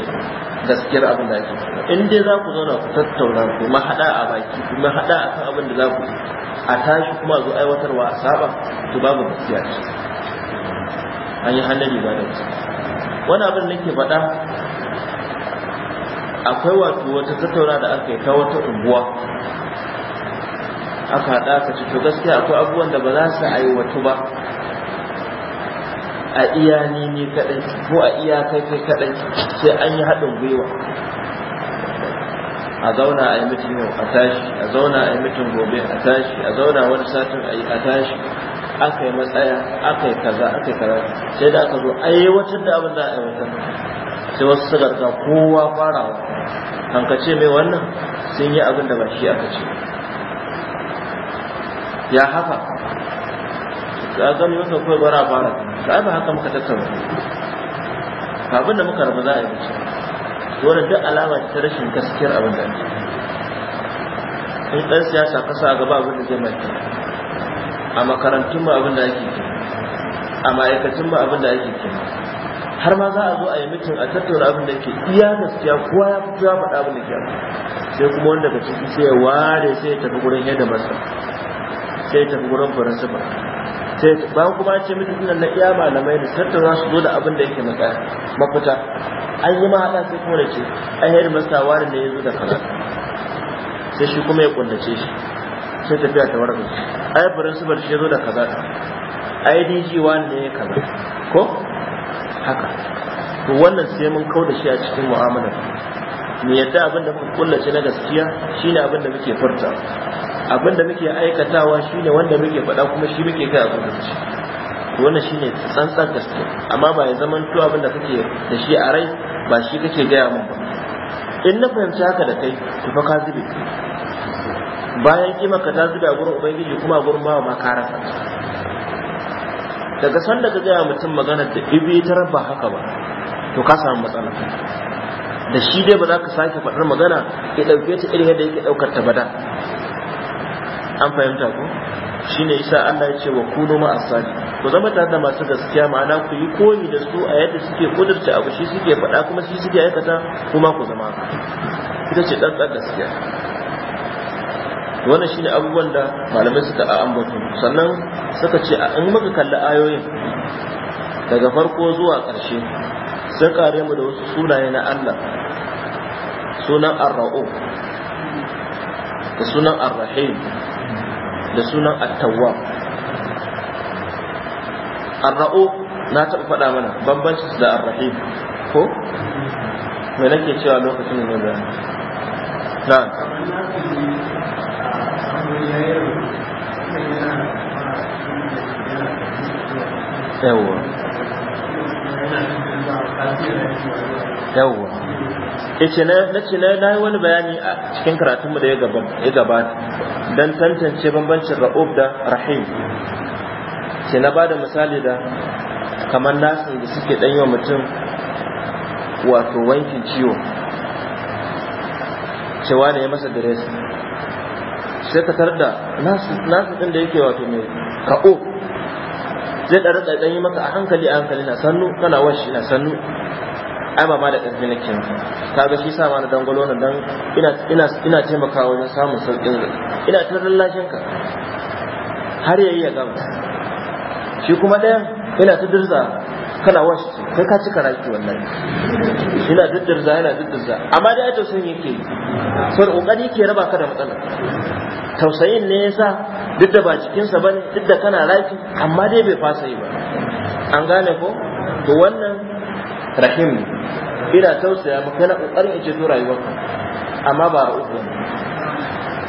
gaskiyar abin da ake in dai za ku zauna ku tattauna ku mahaɗa a baki ku mahaɗa a kan abin da za ku a tashi kuma zo aiwatarwa a saba to babu gaskiya ce an yi annabi ba da wasu wani abin da ke faɗa akwai wato wata tattauna da aka yi ta wata unguwa aka haɗa ka ci to gaskiya akwai abubuwan da ba za su aiwatu ba a iya ni ne kaɗai ko a iya kai kai kaɗai sai an yi haɗin gwiwa a zauna a yi mutum yau a tashi a zauna a yi mutum gobe a tashi a zauna wani satin a yi a tashi aka yi matsaya aka yi kaza aka yi kaza sai da aka zo aiwatar da abin da a aiwatar sai wasu suka ga kowa farawa hankace mai wannan sun yi abin da ba shi aka ce ya haka za ga gani wata kawai bara bara da ba haka muka tattauna abin da muka rabu za a yi mace wani duk alama ta rashin gaskiyar abin da in ɗan siyasa kasa a gaba abin da zai mai a makarantun ma abin da ake ke a ma'aikacin ma abin da ake ke har ma za a zo a yi mutum a tattauna abin da ke iya gaskiya kowa ya fito ya faɗa abin da ke sai kuma wanda daga ciki sai ya ware sai ya tafi gurin yadda masa sai ya tafi gurin faransifa sai ba kuma ce mutum nan na iya malamai da tattauna su zo da abin da yake mafita an yi mahaɗa sai kuma da ce yi yadda masa ware ne ya zo da kaza sai shi kuma ya kullace shi sai tafiya ta warga ai principal shi zo da kaza ai DG wanda ya kaza ko haka to wannan sai mun kau da shi a cikin mu'amalar me yadda abin da muka kullace na gaskiya shine abin da muke furta abin da muke aikatawa shine wanda muke faɗa kuma shi muke kai a zuciya wannan shine tsantsan gaskiya amma ba ya zaman to abin da kake da shi a rai ba shi kake gaya mun ba in na fahimci haka da kai to fa ka zube bayan kima ka ta a gurin ubangiji kuma gurin bawa ma ka daga san daga gaya mutum magana da ibi ta rabba haka ba to ka samu matsala da shi dai ba za ka sake faɗar magana ya ɗauke ta irin yadda yake ɗaukar ta bada an fahimta ko ne Isa Allah ya ce wa kuno ma asali ku zama tare da masu gaskiya ma'ana ku yi koyi da su a yadda suke kudurta abu shi suke faɗa kuma shi suke aikata kuma ku zama ita ce ɗan gaskiya wannan shine abubuwan da malamai suka a ambata sannan suka ce a in muka kalli ayoyin daga farko zuwa ƙarshe sun kare mu da wasu sunaye na Allah sunan ar-ra'u da sunan ar-rahim da sunan at-tawwab ar-ra'u na taɓa faɗa mana bambanci da ar-rahim ko me nake cewa lokacin da na na yawwa na ce na yi wani bayani a cikin karatunmu da ya gabata don tantance bambancin ra'ub da rahim ce na bada misali da kamar nasin da suke dan wa mutum wato wankin ciwo cewa ne ya masa diresi sai ka tarda nasu ɗin da yake wato mai ka'o zai ɗara rika ɗan yi maka a hankali a hankali na sannu kana washi na sannu ai ba ma da ƙarfi na kin ka ga shi sa ma na dangwalo na dan ina ina ina taimakawa wajen samun sauƙin ina ta lallashin ka har yayi ya gama shi kuma ɗaya ina ta dirza kana washi kai ka cika raki wallahi ina duddirza yana duddirza amma dai ai sun yake yi da kokari ke raba ka da matsala. tausayin ne yasa duk da ba sa bane duk da kana raki amma dai bai fasa yi ba an gane ko to wannan rahim ne ina tausaya maka kana kokarin ice to rayuwarka amma ba ra'uf ba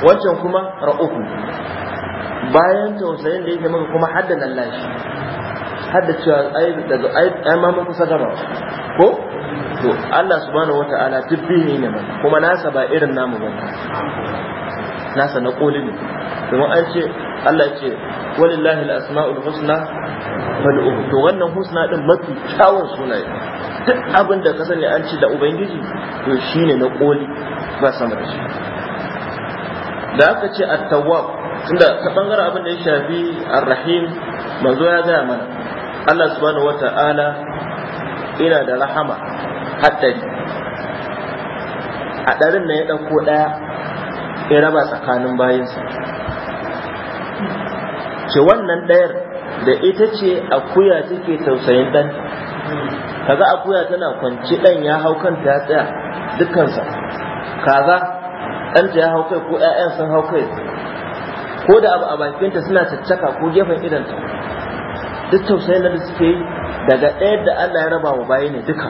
wancan kuma ra'uku. bayan tausayin da yake maka kuma haddan lallashi Hadda cewa ai daga ai ma mun kusa gama ko to Allah subhanahu wata'ala dubbi ne ne kuma nasa ba irin namu ba nasa na koli ne domin an ce Allah ce walillahi al husna wal ubu to wannan husna din mafi kyawun sunaye duk abin da ka sani an ce da ubangiji to shine na koli ba sama da shi da aka ce at-tawwab tunda ta bangaren abin da ya shafi ar-rahim manzo ya gaya mana Allah subhanahu wata'ala ina da rahama haddari hadarin na ya ɗauko ɗaya ya raba tsakanin bayansa ke wannan ɗayar da ita ce akuya take tausayin ɗan Kaza akuya tana kwanci ɗan ya hau kanta ya tsaya dukansa kaza ɗanta ya hau kai ko ƴaƴan sun hau kai ko da abu a bakinta suna caccaka ko gefen idanta duk tausayin da suke yi daga ɗaya da Allah ya raba wa bayi ne duka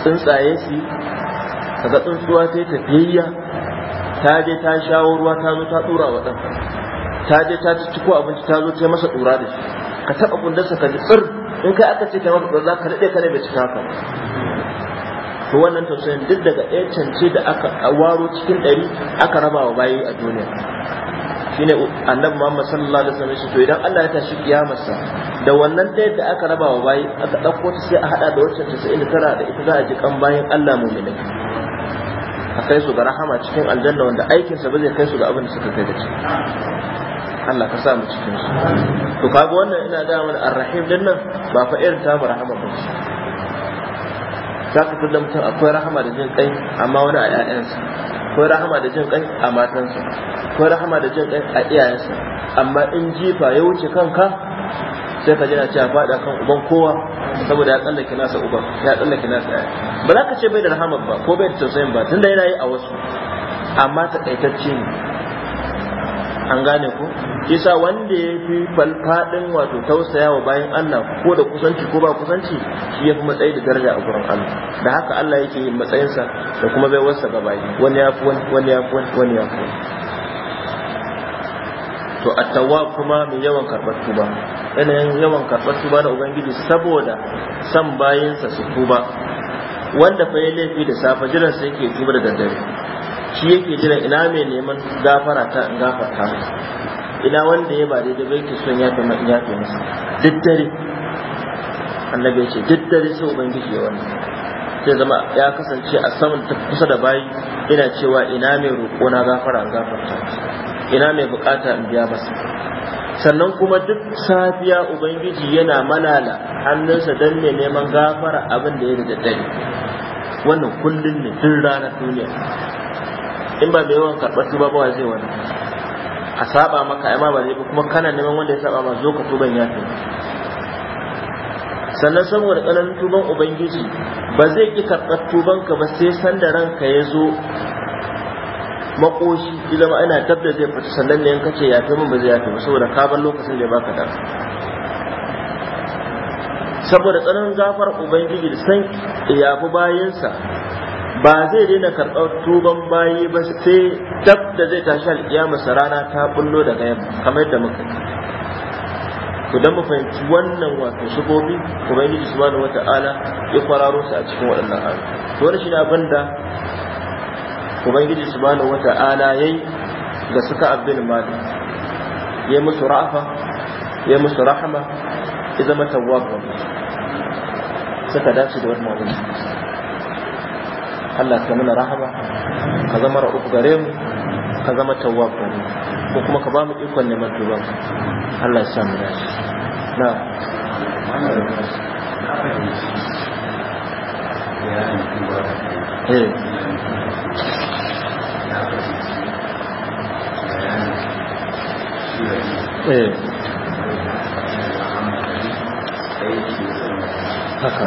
tsuntsaye su kaga tsuntsuwa ta yi tafiyayya ta je ta shawo ruwa ta zo ta ɗura wa ɗan ta je ta ci ko abinci ta zo ta yi masa ɗura da shi ka taɓa gundarsa ka ji tsir in kai aka ce ka masa ɗura ka daɗe ka ne bai cika ka to wannan tausayin duk daga ɗaya cance da aka waro cikin ɗari aka raba wa bayi a duniya shine annabi Muhammad sallallahu alaihi wasallam shi to idan Allah ya tashi kiyamarsa da wannan da yadda aka raba wa bayi aka dauko ta sai a hada da wacce 99 da ita za a ji kan bayin Allah mu'minin a kai su ga rahama cikin aljanna wanda aikin sa ba zai kai su ga abin da suka kai da shi Allah ka sa mu cikin su to kaga wannan ina da mana arrahim din nan ba fa irin ta rahama ba ce za ka fi mutum akwai rahama da jin kai amma wani a 'ya'yansa akwai rahama da jin kai a matansa akwai rahama da jin kai a iyayensa amma in jifa ya wuce kanka sai ka jira cewa fada kan uban kowa saboda ya tsallake nasa uban ya tsallake nasa yaya ba za ka ce bai da rahama ba ko bai da tausayin ba tunda yana yi a wasu amma takaitacce ne an gane ku? yasa wanda ya fi falfadin wato tausaya wa bayan Allah ko da kusanci ko ba kusanci shi ya fi matsayi da daraja a gurin Allah da haka Allah yake yin matsayinsa da kuma bai wasa ga bayi wani ya fi wani ya fi wani ya fi to a tawwab kuma mai yawan karɓar tuba yanayin yawan karɓar tuba da ubangiji saboda san bayinsa su tuba wanda fa ya laifi da safe jiran sai yake tuba da daddare shi yake jira ina mai neman gafara ta in gafarta ina wanda ya ba daidai bai ke son ya fi ya fi masa duk dare annabi ce duk sau sai ubangiji ya wannan sai zama ya kasance a saman ta kusa da bayi ina cewa ina mai roƙo na gafara in gafarta ina mai bukata in biya masa sannan kuma duk safiya ubangiji yana malala hannunsa don ne neman gafara abin da ya da daddare wannan kullum ne duk ranar duniya in ba mai yawan karɓar tuba ba zai wani a saba maka ai ma ba zai ba kuma kana neman wanda ya saba ma zo ka tuban ya fi sannan saboda ƙananan tuban ubangiji ba zai ki karɓar tuban ka ba sai sanda ranka ya zo makoshi ila ma ana dab da zai fita sannan ne kace ya fi min ba zai ya fi ba saboda ka bar lokacin da ya baka da saboda tsananin gafar ubangiji da san ya fi bayansa ba zai daina karɓar tuban bayi ba sai dab da zai tashi alƙiyamarsa rana ta bullo daga yamma kamar yadda muka ku dan mu fahimci wannan wato shigobi ubangiji subhanahu wata'ala ya kwararo su a cikin waɗannan ayoyi to wannan shine abin da ubangiji subhanahu wata'ala yayi ga suka abdul mali yayi musu rafa yayi musu rahama ya zama wabba suka dace da wannan Allah ka muna rahama ka zama ra'uf gare mu ka zama tawwab ko kuma ka ba mu ikon neman tuban Allah ya sa mu dace na eh eh haka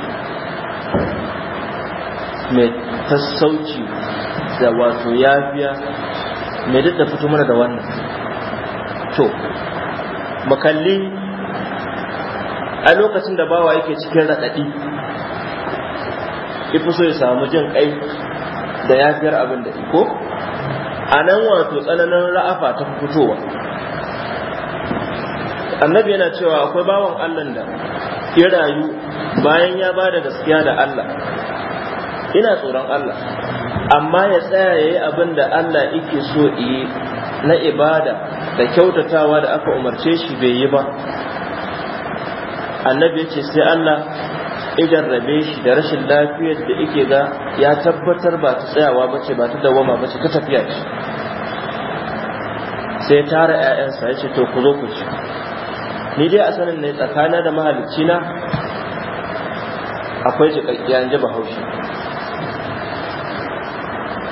mai tasauci da wato yafiya mai duk da fito mana da wannan to makalli a lokacin da bawa yake cikin raɗaɗi ifi so ya samu jin kai da yafiyar abin da iko a nan wato tsananin ra'afa ta fitowa annabi yana cewa akwai bawan allah da ya rayu bayan ya ba da gaskiya da allah ina tsoron Allah amma ya tsaya yayi abin da Allah yake so yi na ibada da kyautatawa da aka umarce shi bai yi ba annabi ya ce sai Allah ya jarrabe shi da rashin lafiyar da yake ga ya tabbatar ba ta tsayawa ba ce ba ta dawama ba ce ta tafiya ce sai ya tara 'ya'yansa ya ce to ku zo ku ci ni dai a sanin ne tsakana da mahalicci na akwai jiƙaƙƙiya ji bahaushe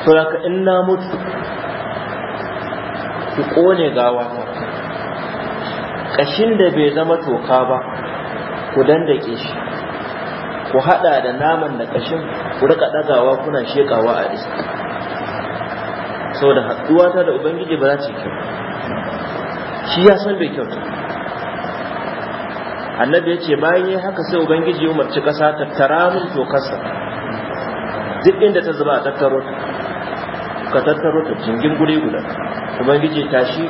to da in na mutu ku kone gawa kashin da bai zama toka ba ku dandake shi ku hada da naman da kashin ku rika dagawa kuna shekawa a iska saboda haduwa ta da ubangiji ba za ta kyau shi ya san bai kyauta annabi ya ce bayan yi haka sai ubangiji ya umarci kasa tattara min tokarsa duk inda ta zuba a tattaro ta ka tattaro ta jingin gure guda ubangiji tashi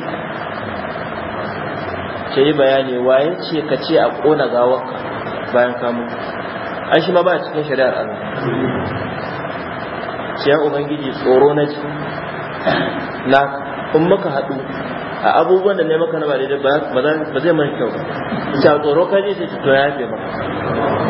ce yi bayani waye ce ka ce a kona gawar bayan kamu an shi ma ba cikin shari'ar ala ce ya ubangiji tsoro na ji na kun maka haɗu a abubuwan da ne maka na ba daidai ba zai mai kyau ba ita tsoro ka ne sai to ya fi maka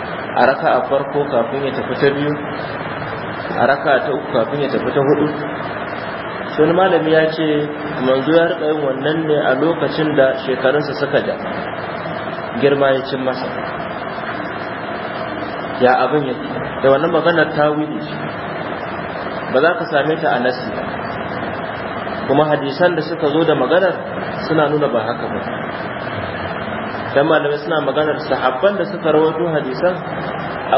a raka a farko kafin ya tafi ta biyu a raka ta uku kafin ya tafi ta hudu sun malami ya ce manzo ya rika yin wannan ne a lokacin da shekarunsa suka da girma ya cin masa ya abin ya da wannan maganar ta wuce? ba za ka same ta a nasi kuma hadisan da suka zo da maganar suna nuna ba haka ba dan malamai suna maganar sahabban da suka rawaito hadisan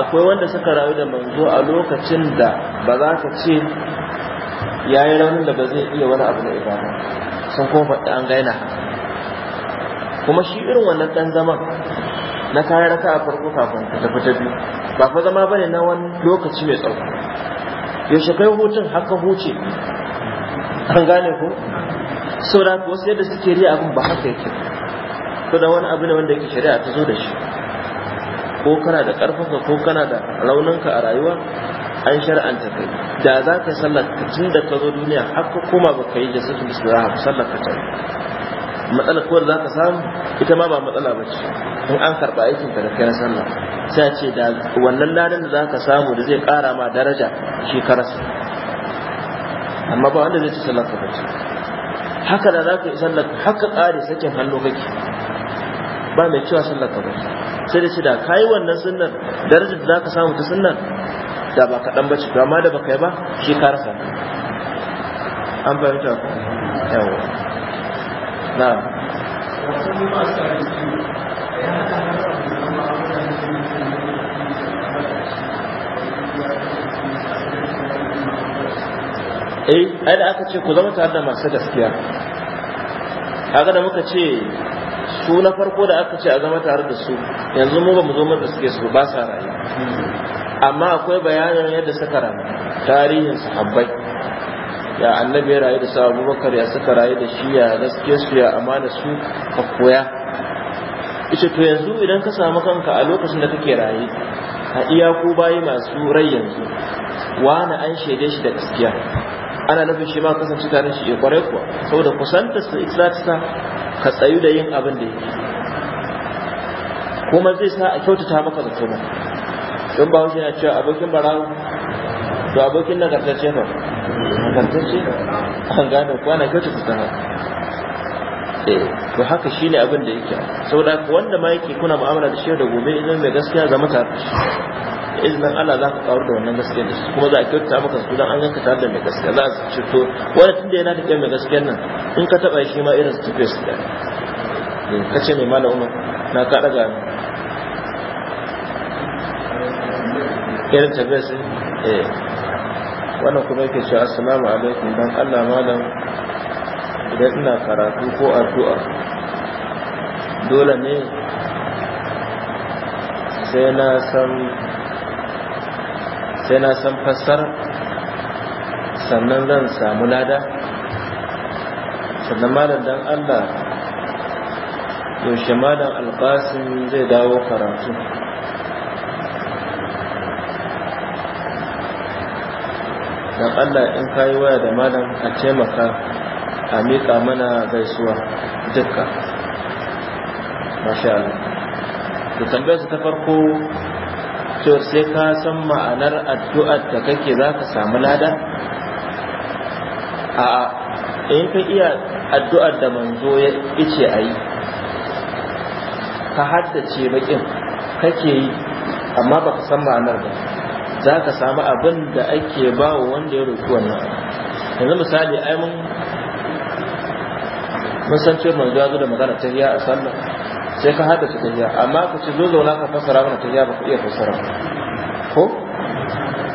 akwai wanda suka rayu da manzo a lokacin da ba za ka ce yi raunin da ba zai iya wani abu na ibada sun kuma faɗi an gaina kuma shi irin wannan dan zaman na kayan raka a farko kafin ka tafi ta biyu ba fa zama bane na wani lokaci mai tsawo yaushe kai hutun haka huce an gane ko saboda wasu yadda suke riya abin ba haka yake ba da wani abu ne wanda yake shari'a ta zo da shi ko kana da ƙarfafa ko kana da rauninka a rayuwa an shar'anta kai da za ka sallar tun da ka zo duniya har ka koma ba ka yi jasatun bismillah sallar ka ta matsala ko da za ka samu ita ma ba matsala ba ce in an karɓa aikin ka da kai na sallah sai ce da wannan ladan da za ka samu da zai ƙara ma daraja shi karasa? amma ba wanda zai ci sallar ka ba ce haka da za ka yi sallar haka ƙare sakin hannu kake ba mai cewa sallar ka bace sai da ce da kayi wannan sunnar darajar da ka samu ta sunnar da ba kaɗan bace to amma da baka yi ba shi ka rasa an fahimta ku yawa na eh ai da aka ce ku zama tare da masu gaskiya kaga da muka ce su na farko da aka ce a zama tare da su yanzu mu ba mu zo mata suke su ba sa rayu amma akwai bayanan yadda suka rayu tarihin sahabbai ya annabi ya rayu da su abubakar ya suka rayu da shi ya gaske su ya amana su ka koya ita to yanzu idan ka samu kanka a lokacin da kake rayu a iya ko bayi masu rai yanzu wani an shaide shi da gaskiya ana nufin shi ma kasance tare shi ya eh, kware kuwa saboda kusanta su sa ka tsayu da yin abin da yake kuma zai sa a kyautata maka da tuma don ba wuce na cewa abokin barawo to abokin nagartacce ba nagartacce an gane kuwa na kyautata ta eh, to haka shi ne abin da yake saboda wanda ma yake kuna mu'amala da shi da gobe idan mai gaskiya ga mutane da izinin Allah za ka karu da wannan gaskiyar da su kuma za a kyauta maka su don an yanka tare da mai gaskiya za su cito wani tun da yana tafiya mai gaskiyar nan in ka taba shi ma irin su tafiya su da ka ce mai malam umar na ka daga irin tafiya su eh wannan kuma yake cewa assalamu alaikum dan Allah malam idan ina karatu ko addu'a dole ne sai na san sai na san fassar sannan zan samu lada sannan malam dan Allah yaushe malam albasin zai dawo karatu dan Allah in kayi waya da malam a taimaka a miƙa mana gaisuwa dukka masha Allah da su ta farko to sai ka san ma'anar addu'ar da kake za ka samu lada a in ka iya addu'ar da manzo ya ice a yi ka haddace bakin kake yi amma baka san ma'anar ba za ka samu abin da ake ba wa wanda ya roƙi wannan yanzu misali ai mun mun san manzo ya zo da magana ta riya a sallah sai ka haɗa ta tahiya amma ka ce zo zauna ka fassara mana tahiya ba ka iya fassara ko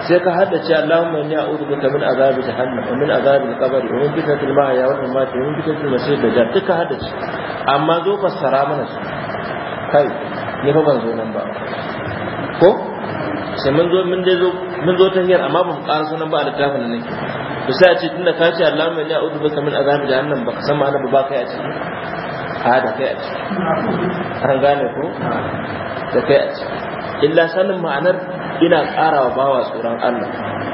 sai ka hada ce Allahumma inni a'udhu bika min azabi jahannam wa min azabi al qabri wa min fitnati al-mahya wa min mati wa min fitnati al-masih dajjal duka hada ce amma zo fassara mana su kai ni fa ban zo nan ba ko sai mun zo mun dai zo mun zo ta hiyar amma ba mu karasa nan ba a littafin nan to sai a ce tunda ka ce Allahumma inni a'udhu bika min azabi jahannam ka san ma'ana ba kai a ciki kai a ciki an gane ko da kai a ciki illa sanin ma'anar ina ƙara wa bawa tsoron Allah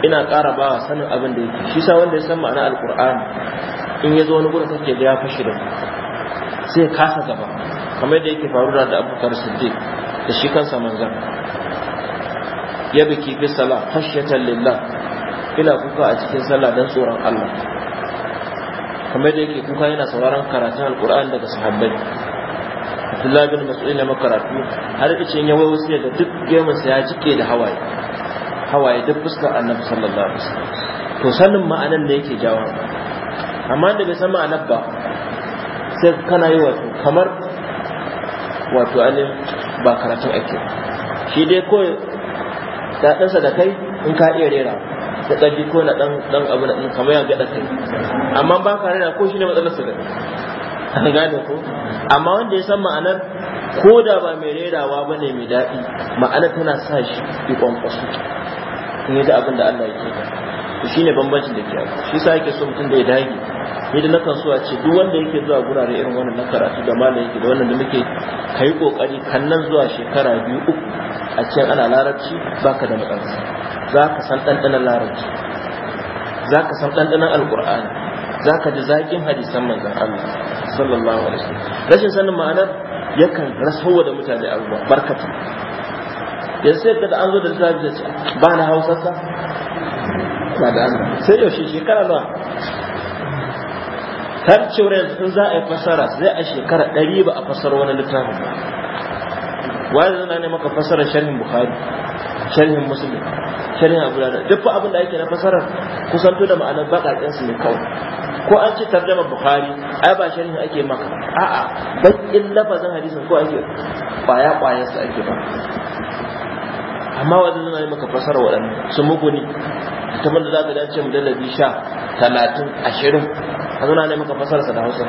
ina ƙara bawa sanin abin da yake shi sa wanda ya san ma'ana alƙur'ani in ya zo wani gurin kake da ya fashi da sai kasa gaba kamar da yake faruwa da abubakar siddiq da shi kansa manzan ya biki fi sallah khashyatan lillah ina kuka a cikin sallah dan tsoron Allah kamar da yake kuka yana sauraron karatun alkur'an daga sahabbai abdullahi bin mas'ud na makaratu har da ya wayo sai da duk gemun sa ya jike da hawaye hawaye duk fuskar annabi sallallahu alaihi wasallam to sanin ma'anan da yake jawo amma da bai san ma'anar ba sai kana yi wato kamar wato alin ba karatun ake shi dai kawai daɗinsa da kai in ka iya rera da ɗan biko na ɗan abu na kamar ya gaɗa kai amma ba ka rana ko shi ne matsalar su an gane ko amma wanda ya san ma'anar ko da ba mai rerawa ba ne mai daɗi ma'anar tana sa shi yi kwankwaso ne da abin da Allah yake shi ne bambancin da ke yi shi sa yake so mutum da ya dage ni da nakan so a ce duk wanda yake zuwa gurare irin wannan na karatu da malam yake da wannan da muke kai kokari kan nan zuwa shekara biyu uku a cikin ana larabci baka da matsala za ka san ɗanɗanar larabci za ka san ɗanɗanar alƙur'ani za ka ji zaƙin hadisan manzan Allah sallallahu alaihi wasallam rashin sanin ma'anar yakan rasuwa da mutane abubuwa barkata yanzu sai ka da an zo da lissafi da ce ba na hausarsa ba da Allah sai yaushe shekara nawa har cewar yanzu in za a yi fasara zai a shekara ɗari ba a fasara wani littafin ba wani zana ne maka fasara sharhin bukhari sharhin musulmi sharhin abu da duk fa abin da ake na fasara kusanto da ma'anar baƙaƙen su ne kawai ko an ci tarjama bukhari ai ba sharhin ake maka a'a bakin lafazin hadisin ko ake kwaya kwayan su ake ba amma wajen zan yi maka fasara waɗannan su muguni ta da za ka dace mu dalabi sha talatin ashirin a zana ne maka fasara da hausa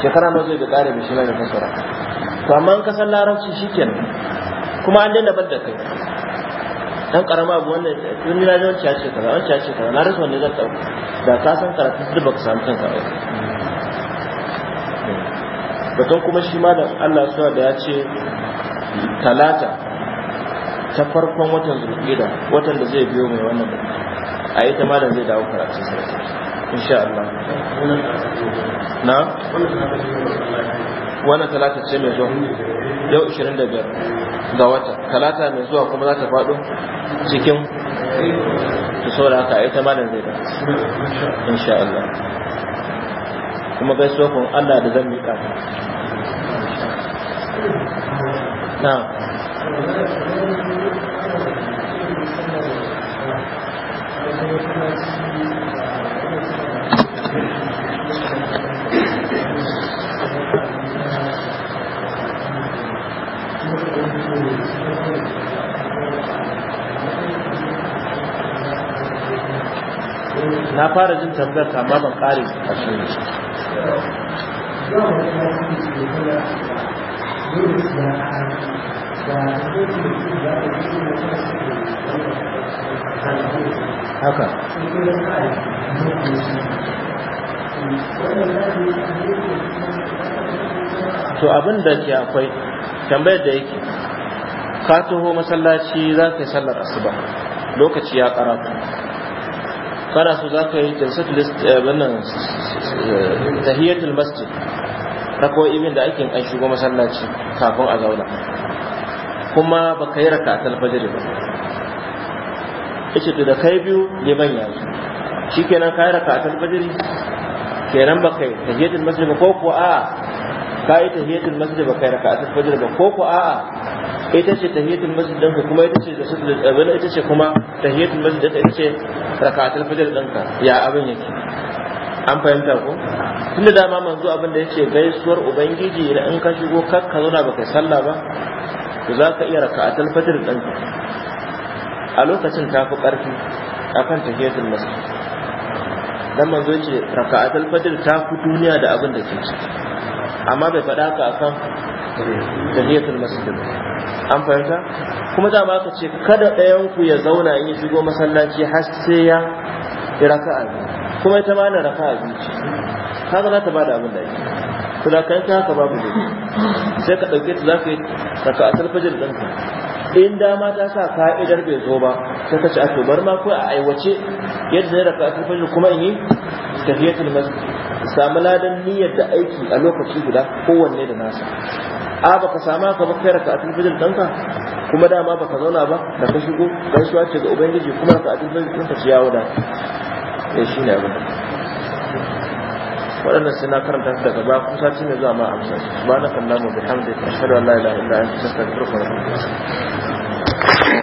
shekara ma zai ga ƙare mai shi da fasara to amma an ka san shikenan kuma an daina bar da kai dan karama abu wannan tun ni lajon ciya ce kaza wannan ciya ce kaza na rasa wanne zan dauka da ka san karatu duk baka samu kanka ba batun kuma shi ma da Allah suwa da ya ce talata ta farkon watan zulqida watan da zai biyo mai wannan a yi ta malam zai dawo karatu sai insha Allah na wannan talata ce mai zuwa yau 25 ga wata talata mai zuwa kuma za ta faɗo cikin ta saura haka ita da zai da insha Allah kuma gaisuwa kun Allah da zan miƙa na na fara jin tambayar ka ba ban kare a shi ne haka to abin da ke akwai tambayar da yake ka taho masallaci za ka sallar asuba lokaci ya karatu kana so za ka yi list wannan eh, tahiyatul masjid rakoi ibin da ake an shigo masallaci kafin a zauna kuma ba ka yi rakatul fajr ba yace to da kai biyu ban ya shi kenan ka yi rakatul fajr kenan ba kai tahiyatul masjid ba ko ko a ka yi tahiyatul masjid ba kai rakatul fajr ba ko ko a ita ce tahiyatul masjid ɗinka kuma ita ce da su da abin ita ce kuma tahiyatul masjid ɗinka ita ce rakatul fajr ɗinka ya abin yake an fahimta ko tunda dama manzo abin da yake gaisuwar ubangiji da in ka shigo kar ka zauna baka sallah ba to za ka iya rakatul fajr ɗinka a lokacin ta fi ƙarfi akan tahiyatul masjid dan manzo yace rakatul fajr ta fi duniya da abin da ke ciki amma bai faɗa ka akan tahiyatul masjid ba an fahimta kuma ba ka ce kada ɗayan ku ya zauna in shigo masallaci har sai ya raka'a kuma ita ma na raka'a biyu ce kaga za ta bada abin da yake to da kai ta haka babu dai sai ka ɗauke ta za ka yi raka'atul fajr ka in dama ta sa ka'idar bai zo ba sai ka ce a to bar ma ko a aiwace yadda zai ta fajr kuma in yi tafiyatul masjid samu ladan niyyar da aiki a lokaci guda kowanne da nasa a baka sama ka ba kai a fajr danka kuma dama baka zauna ba da ka shigo gaisuwa ce ga ubangiji kuma raka'atul fajr danka ciya wada eh, shi ne abin waɗannan sai na karanta su daga ba kusa sati ne zuwa ma amsa subhanakallahumma bihamdika ashhadu an Allah ilaha illa anta astaghfiruka wa atubu ilaik